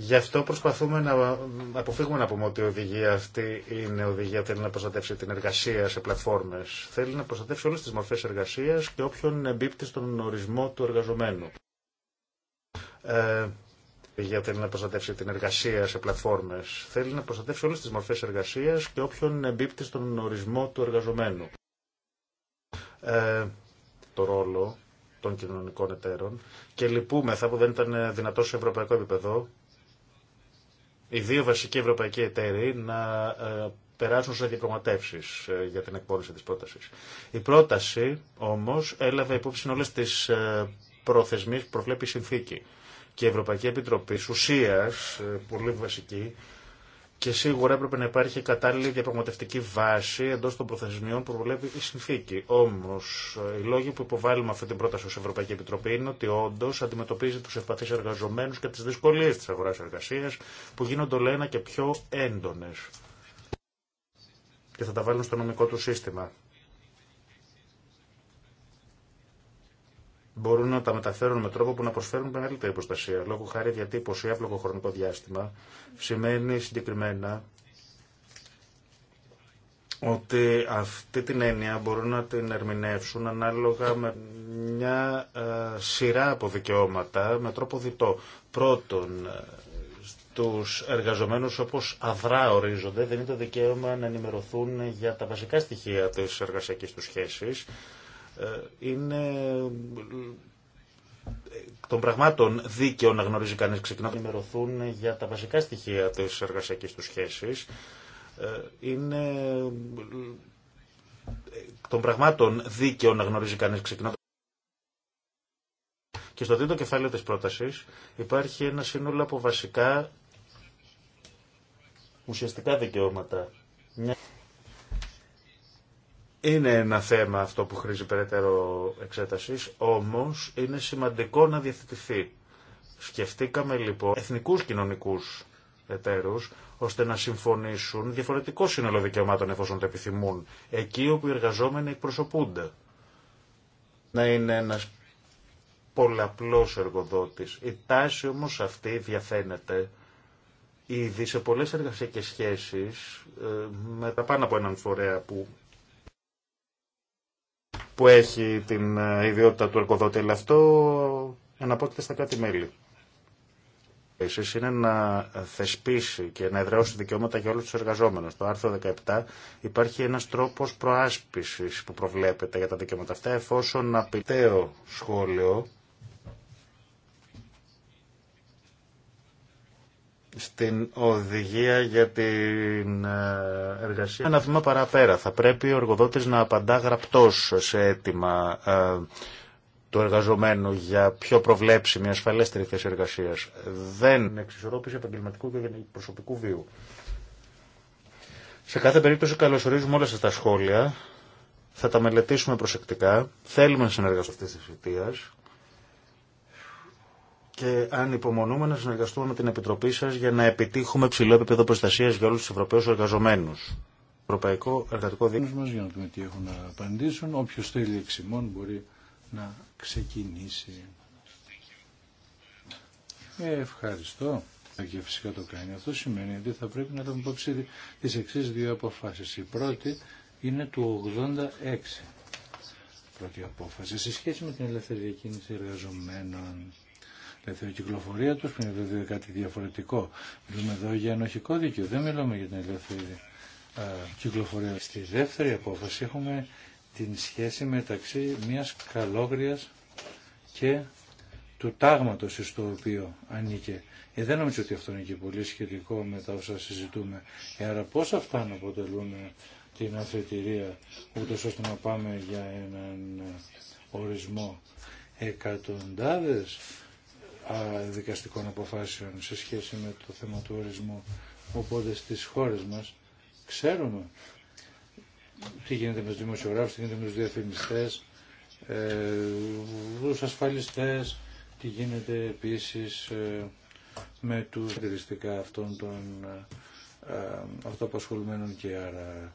Γι' αυτό προσπαθούμε να αποφύγουμε να πούμε ότι η οδηγία αυτή είναι οδηγία που θέλει να προστατεύσει την εργασία σε πλατφόρμες. Θέλει να προστατεύσει όλες τις μορφές εργασίας και όποιον εμπίπτει στον ορισμό του εργαζομένου. Ε, οδηγία θέλει να προστατεύσει την εργασία σε πλατφόρμες. Θέλει να προστατεύσει όλες τις μορφές εργασίας και όποιον εμπίπτει στον ορισμό του εργαζομένου. Ε, το ρόλο των κοινωνικών εταίρων και λυπούμεθα που δεν ήταν δυνατό σε ευρωπαϊκό επίπεδο οι δύο βασικοί ευρωπαϊκοί εταίροι να ε, περάσουν σε διαπραγματεύσει ε, για την εκπόνηση τη πρόταση. Η πρόταση όμω έλαβε υπόψη όλε τι ε, προθεσμίε που προβλέπει η συνθήκη. Και η Ευρωπαϊκή Επιτροπή, ουσία, πολύ βασική, και σίγουρα έπρεπε να υπάρχει κατάλληλη διαπραγματευτική βάση εντό των προθεσμιών που προβλέπει η συνθήκη. Όμω, οι λόγοι που υποβάλλουμε αυτή την πρόταση ω Ευρωπαϊκή Επιτροπή είναι ότι όντω αντιμετωπίζει του ευπαθεί εργαζομένου και τι δυσκολίε τη αγορά εργασία που γίνονται όλο ένα και πιο έντονε. Και θα τα βάλουν στο νομικό του σύστημα. μπορούν να τα μεταφέρουν με τρόπο που να προσφέρουν μεγαλύτερη προστασία. Λόγω χάρη διατύπωση ή απλοκο χρονικό διάστημα σημαίνει συγκεκριμένα ότι αυτή την έννοια μπορούν να την ερμηνεύσουν ανάλογα με μια ε, σειρά από δικαιώματα με τρόπο διτό. Πρώτον, ε, τους εργαζομένους όπως αδρά ορίζονται, δεν είναι το δικαίωμα να ενημερωθούν για τα βασικά στοιχεία της εργασιακής τους σχέσης, ε, είναι ε, των πραγμάτων δίκαιο να γνωρίζει κανείς ξεκινά να ενημερωθούν για τα βασικά στοιχεία της εργασιακής του σχέσης ε, είναι των πραγμάτων δίκαιο να γνωρίζει κανείς ξεκινά και στο τρίτο κεφάλαιο της πρότασης υπάρχει ένα σύνολο από βασικά ουσιαστικά δικαιώματα είναι ένα θέμα αυτό που χρήζει περαιτέρω εξέτασης, όμως είναι σημαντικό να διαθετηθεί. Σκεφτήκαμε λοιπόν εθνικούς κοινωνικούς εταίρους, ώστε να συμφωνήσουν διαφορετικό σύνολο δικαιωμάτων εφόσον το επιθυμούν, εκεί όπου οι εργαζόμενοι εκπροσωπούνται. Να είναι ένας πολλαπλός εργοδότης. Η τάση όμως αυτή διαφαίνεται ήδη σε πολλές εργασιακές σχέσεις ε, με τα πάνω από έναν φορέα που που έχει την ε, ιδιότητα του εργοδότη, αλλά αυτό εναπόκειται στα κάτι μελη Επίση είναι να θεσπίσει και να εδραιώσει δικαιώματα για όλου του εργαζόμενου. Το άρθρο 17 υπάρχει ένα τρόπο προάσπιση που προβλέπεται για τα δικαιώματα αυτά, εφόσον απειτέω σχόλιο στην οδηγία για την ε, εργασία. Ένα βήμα παραπέρα. Θα πρέπει ο εργοδότης να απαντά γραπτός σε αίτημα ε, του εργαζομένου για πιο προβλέψιμη, ασφαλέστερη θέση εργασία. Δεν εξισορρόπηση επαγγελματικού και προσωπικού βίου. Σε κάθε περίπτωση καλωσορίζουμε όλα σας τα σχόλια. Θα τα μελετήσουμε προσεκτικά. Θέλουμε να συνεργαστούμε αυτή τη και αν υπομονούμε να συνεργαστούμε με την Επιτροπή σας για να επιτύχουμε ψηλό επίπεδο προστασίας για όλους τους Ευρωπαίους εργαζομένους. Ευρωπαϊκό Εργατικό δίκτυο Μας για να δούμε τι έχουν να απαντήσουν. Όποιος θέλει εξημών μπορεί να ξεκινήσει. ευχαριστώ. Και φυσικά το κάνει. Αυτό σημαίνει ότι θα πρέπει να έχουμε υπόψη τις εξής δύο αποφάσεις. Η πρώτη είναι του 86. Πρώτη απόφαση σε σχέση με την ελευθερία διακίνηση εργαζομένων κυκλοφορία τους που είναι βέβαια κάτι διαφορετικό. Μιλούμε εδώ για ενοχικό δίκαιο, δεν μιλούμε για την ελεύθερη κυκλοφορία. Στη δεύτερη απόφαση έχουμε την σχέση μεταξύ μιας καλόγριας και του τάγματος στο οποίο ανήκε. Ε, δεν νομίζω ότι αυτό είναι και πολύ σχετικό με τα όσα συζητούμε. Ε, άρα πώς αυτά να αποτελούν την αφετηρία ούτως ώστε να πάμε για έναν ορισμό εκατοντάδες δικαστικών αποφάσεων σε σχέση με το θέμα του ορισμού. Οπότε στις χώρες μας ξέρουμε τι γίνεται με τους δημοσιογράφους, τι γίνεται με τους διαφημιστές, ε, τους ασφαλιστές, τι γίνεται επίσης ε, με τους χαρακτηριστικά αυτών των ε, ε, αυτοαπασχολουμένων και άρα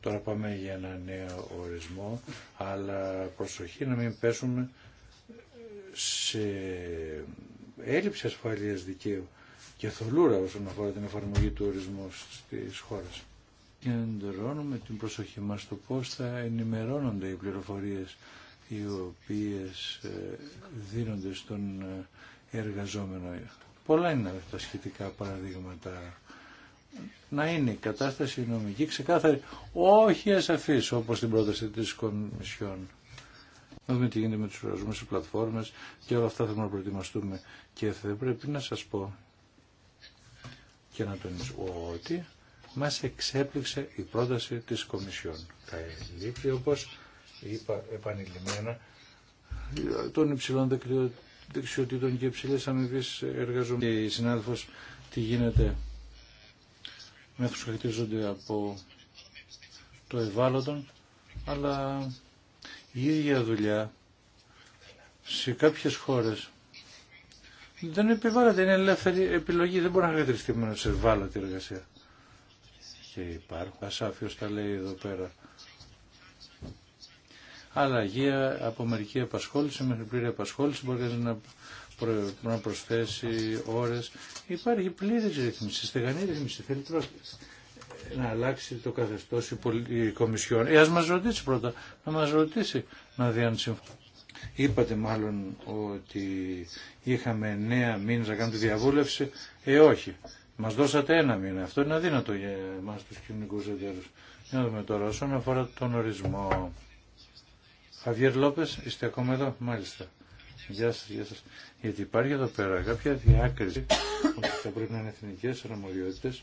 τώρα πάμε για ένα νέο ορισμό, αλλά προσοχή να μην πέσουμε σε έλλειψη ασφαλείας δικαίου και θολούρα όσον αφορά την εφαρμογή του ορισμού στις χώρες. Κεντρώνουμε την προσοχή μας στο πώς θα ενημερώνονται οι πληροφορίες οι οποίες ε, δίνονται στον ε, εργαζόμενο. Πολλά είναι τα σχετικά παραδείγματα. Να είναι η κατάσταση νομική ξεκάθαρη, όχι ασαφής όπως την πρόταση της Κομισιόν να δούμε τι γίνεται με τους οργανισμούς, στις πλατφόρμες και όλα αυτά θέλουμε να προετοιμαστούμε. Και θα πρέπει να σας πω και να τονίσω ότι μας εξέπληξε η πρόταση της Κομισιόν. Θα λείπει, όπως είπα επανειλημμένα, των υψηλών δεξιοτήτων και υψηλέ αμοιβή εργαζομένων. Και η συνάδελφο τι γίνεται με που χτίζονται από το ευάλωτο, αλλά η ίδια δουλειά σε κάποιες χώρες δεν επιβάλλεται, είναι ελεύθερη επιλογή, δεν μπορεί να χαρακτηριστεί μόνο σε τη εργασία. Και υπάρχουν, ασάφιος τα λέει εδώ πέρα. Αλλαγή από μερική απασχόληση μέχρι πλήρη απασχόληση μπορεί να, προσθέσει ώρες. Υπάρχει πλήρη ρύθμιση, στεγανή ρύθμιση. Θέλει να αλλάξει το καθεστώ η, Κομισιόν. Ε, ας μας ρωτήσει πρώτα, να μα ρωτήσει να δει αν Είπατε μάλλον ότι είχαμε νέα μήνες να κάνουμε τη διαβούλευση. Ε, όχι. Μας δώσατε ένα μήνα. Αυτό είναι αδύνατο για εμάς τους κοινωνικού εταίρους. Για να δούμε τώρα όσον αφορά τον ορισμό. Χαβιέρ Λόπες, είστε ακόμα εδώ. Μάλιστα. Γεια σας, γεια σα. Γιατί υπάρχει εδώ πέρα κάποια διάκριση ότι θα πρέπει να είναι εθνικές αρμοδιότητες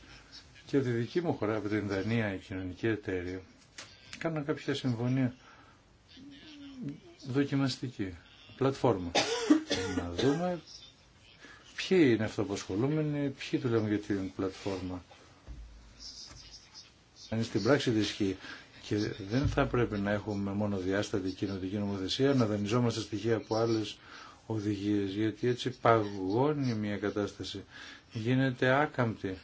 και από τη δική μου χώρα, από την Δανία, η κοινωνική εταίρεια, κάνω κάποια συμφωνία δοκιμαστική, πλατφόρμα. να δούμε ποιοι είναι αυτοαποσχολούμενοι, ποιοι δουλεύουν για την πλατφόρμα. Αν στην πράξη τη ισχύει και δεν θα πρέπει να έχουμε μόνο διάστατη κοινωνική νομοθεσία, να δανειζόμαστε στοιχεία από άλλε οδηγίε, γιατί έτσι παγώνει μια κατάσταση. Γίνεται άκαμπτη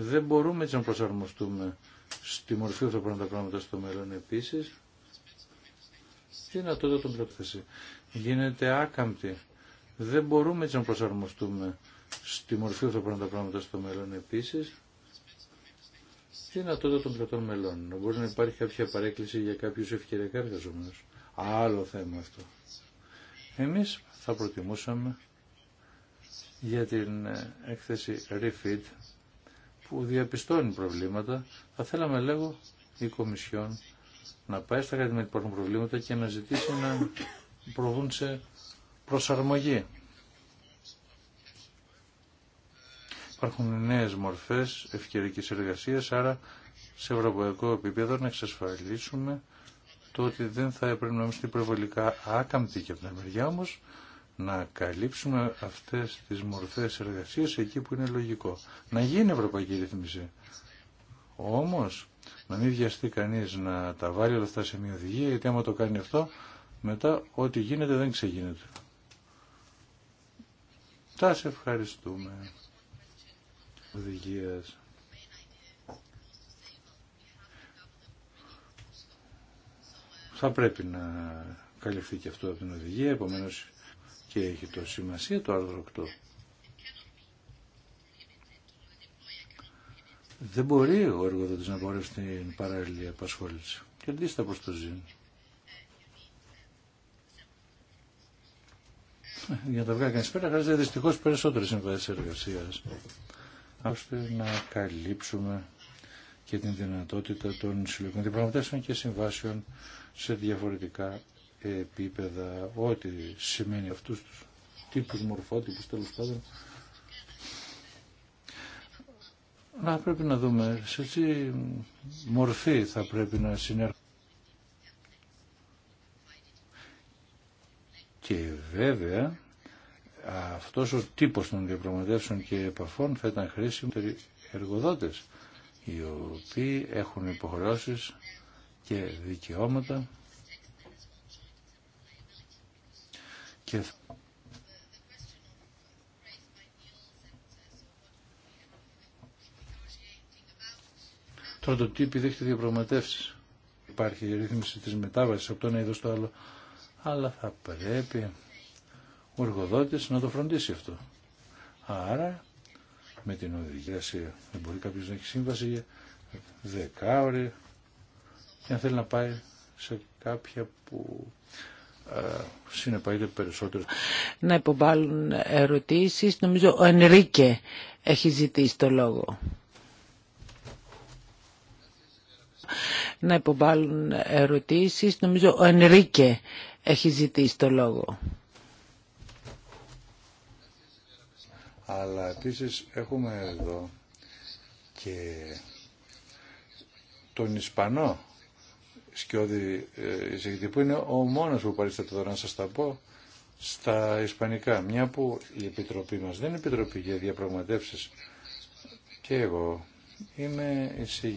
δεν μπορούμε έτσι να προσαρμοστούμε στη μορφή που θα τα πράγματα στο μέλλον επίσης. Τι να δω τον Γίνεται άκαμπτη. Δεν μπορούμε έτσι να προσαρμοστούμε στη μορφή που θα τα πράγματα στο μέλλον επίσης. Τι να το των κρατών μελών. Μπορεί να υπάρχει κάποια παρέκκληση για κάποιους ευκαιριακά εργαζομένους. Άλλο θέμα αυτό. Εμείς θα προτιμούσαμε για την έκθεση Refit που διαπιστώνει προβλήματα, θα θέλαμε λέγω η Κομισιόν να πάει στα κάτι με υπάρχουν προβλήματα και να ζητήσει να προβούν σε προσαρμογή. Υπάρχουν νέες μορφές ευκαιρικής εργασίας, άρα σε ευρωπαϊκό επίπεδο να εξασφαλίσουμε το ότι δεν θα έπρεπε να είμαστε υπερβολικά άκαμπτοι και από τα μεριά όμως, να καλύψουμε αυτές τις μορφές εργασίας εκεί που είναι λογικό. Να γίνει ευρωπαϊκή ρύθμιση. Όμως, να μην βιαστεί κανείς να τα βάλει όλα αυτά σε μια οδηγία, γιατί άμα το κάνει αυτό, μετά ό,τι γίνεται δεν ξεγίνεται. Τα σε ευχαριστούμε. Οδηγίας. Θα πρέπει να καλυφθεί και αυτό από την οδηγία, επομένως έχει το σημασία το άρθρο 8. Δεν μπορεί ο εργοδότης να μπορέσει την παράλληλη απασχόληση. Και αντίστα προς το ζει. Για να τα βγάλει κανείς πέρα χρειάζεται δυστυχώς περισσότερες συμβάσεις εργασίας. Ώστε να καλύψουμε και την δυνατότητα των συλλογικών διαπραγματεύσεων και συμβάσεων σε διαφορετικά επίπεδα, ό,τι σημαίνει αυτούς τους τύπους μορφότυπους τέλο πάντων. Να πρέπει να δούμε σε τι μορφή θα πρέπει να συνέρχονται. Και βέβαια αυτός ο τύπος των διαπραγματεύσεων και επαφών θα ήταν χρήσιμο εργοδότες οι οποίοι έχουν υποχρεώσεις και δικαιώματα Και... Τώρα το τι επιδέχεται διαπραγματεύσει. Υπάρχει η ρύθμιση της μετάβασης από το ένα είδος στο άλλο. Αλλά θα πρέπει ο εργοδότης να το φροντίσει αυτό. Άρα με την οδηγία σε δεν μπορεί κάποιος να έχει σύμβαση για δεκάωρη και αν θέλει να πάει σε κάποια που ε, Να υποβάλουν ερωτήσεις. Νομίζω ο Ενρίκε έχει ζητήσει το λόγο. Να υποβάλουν ερωτήσεις. Νομίζω ο Ενρίκε έχει ζητήσει το λόγο. Αλλά επίσης έχουμε εδώ και τον Ισπανό σκιώδη ε, εισηγητή που είναι ο μόνος που παρίσταται εδώ να σας τα πω στα ισπανικά. Μια που η Επιτροπή μας δεν είναι Επιτροπή για διαπραγματεύσεις και εγώ είμαι εισηγητή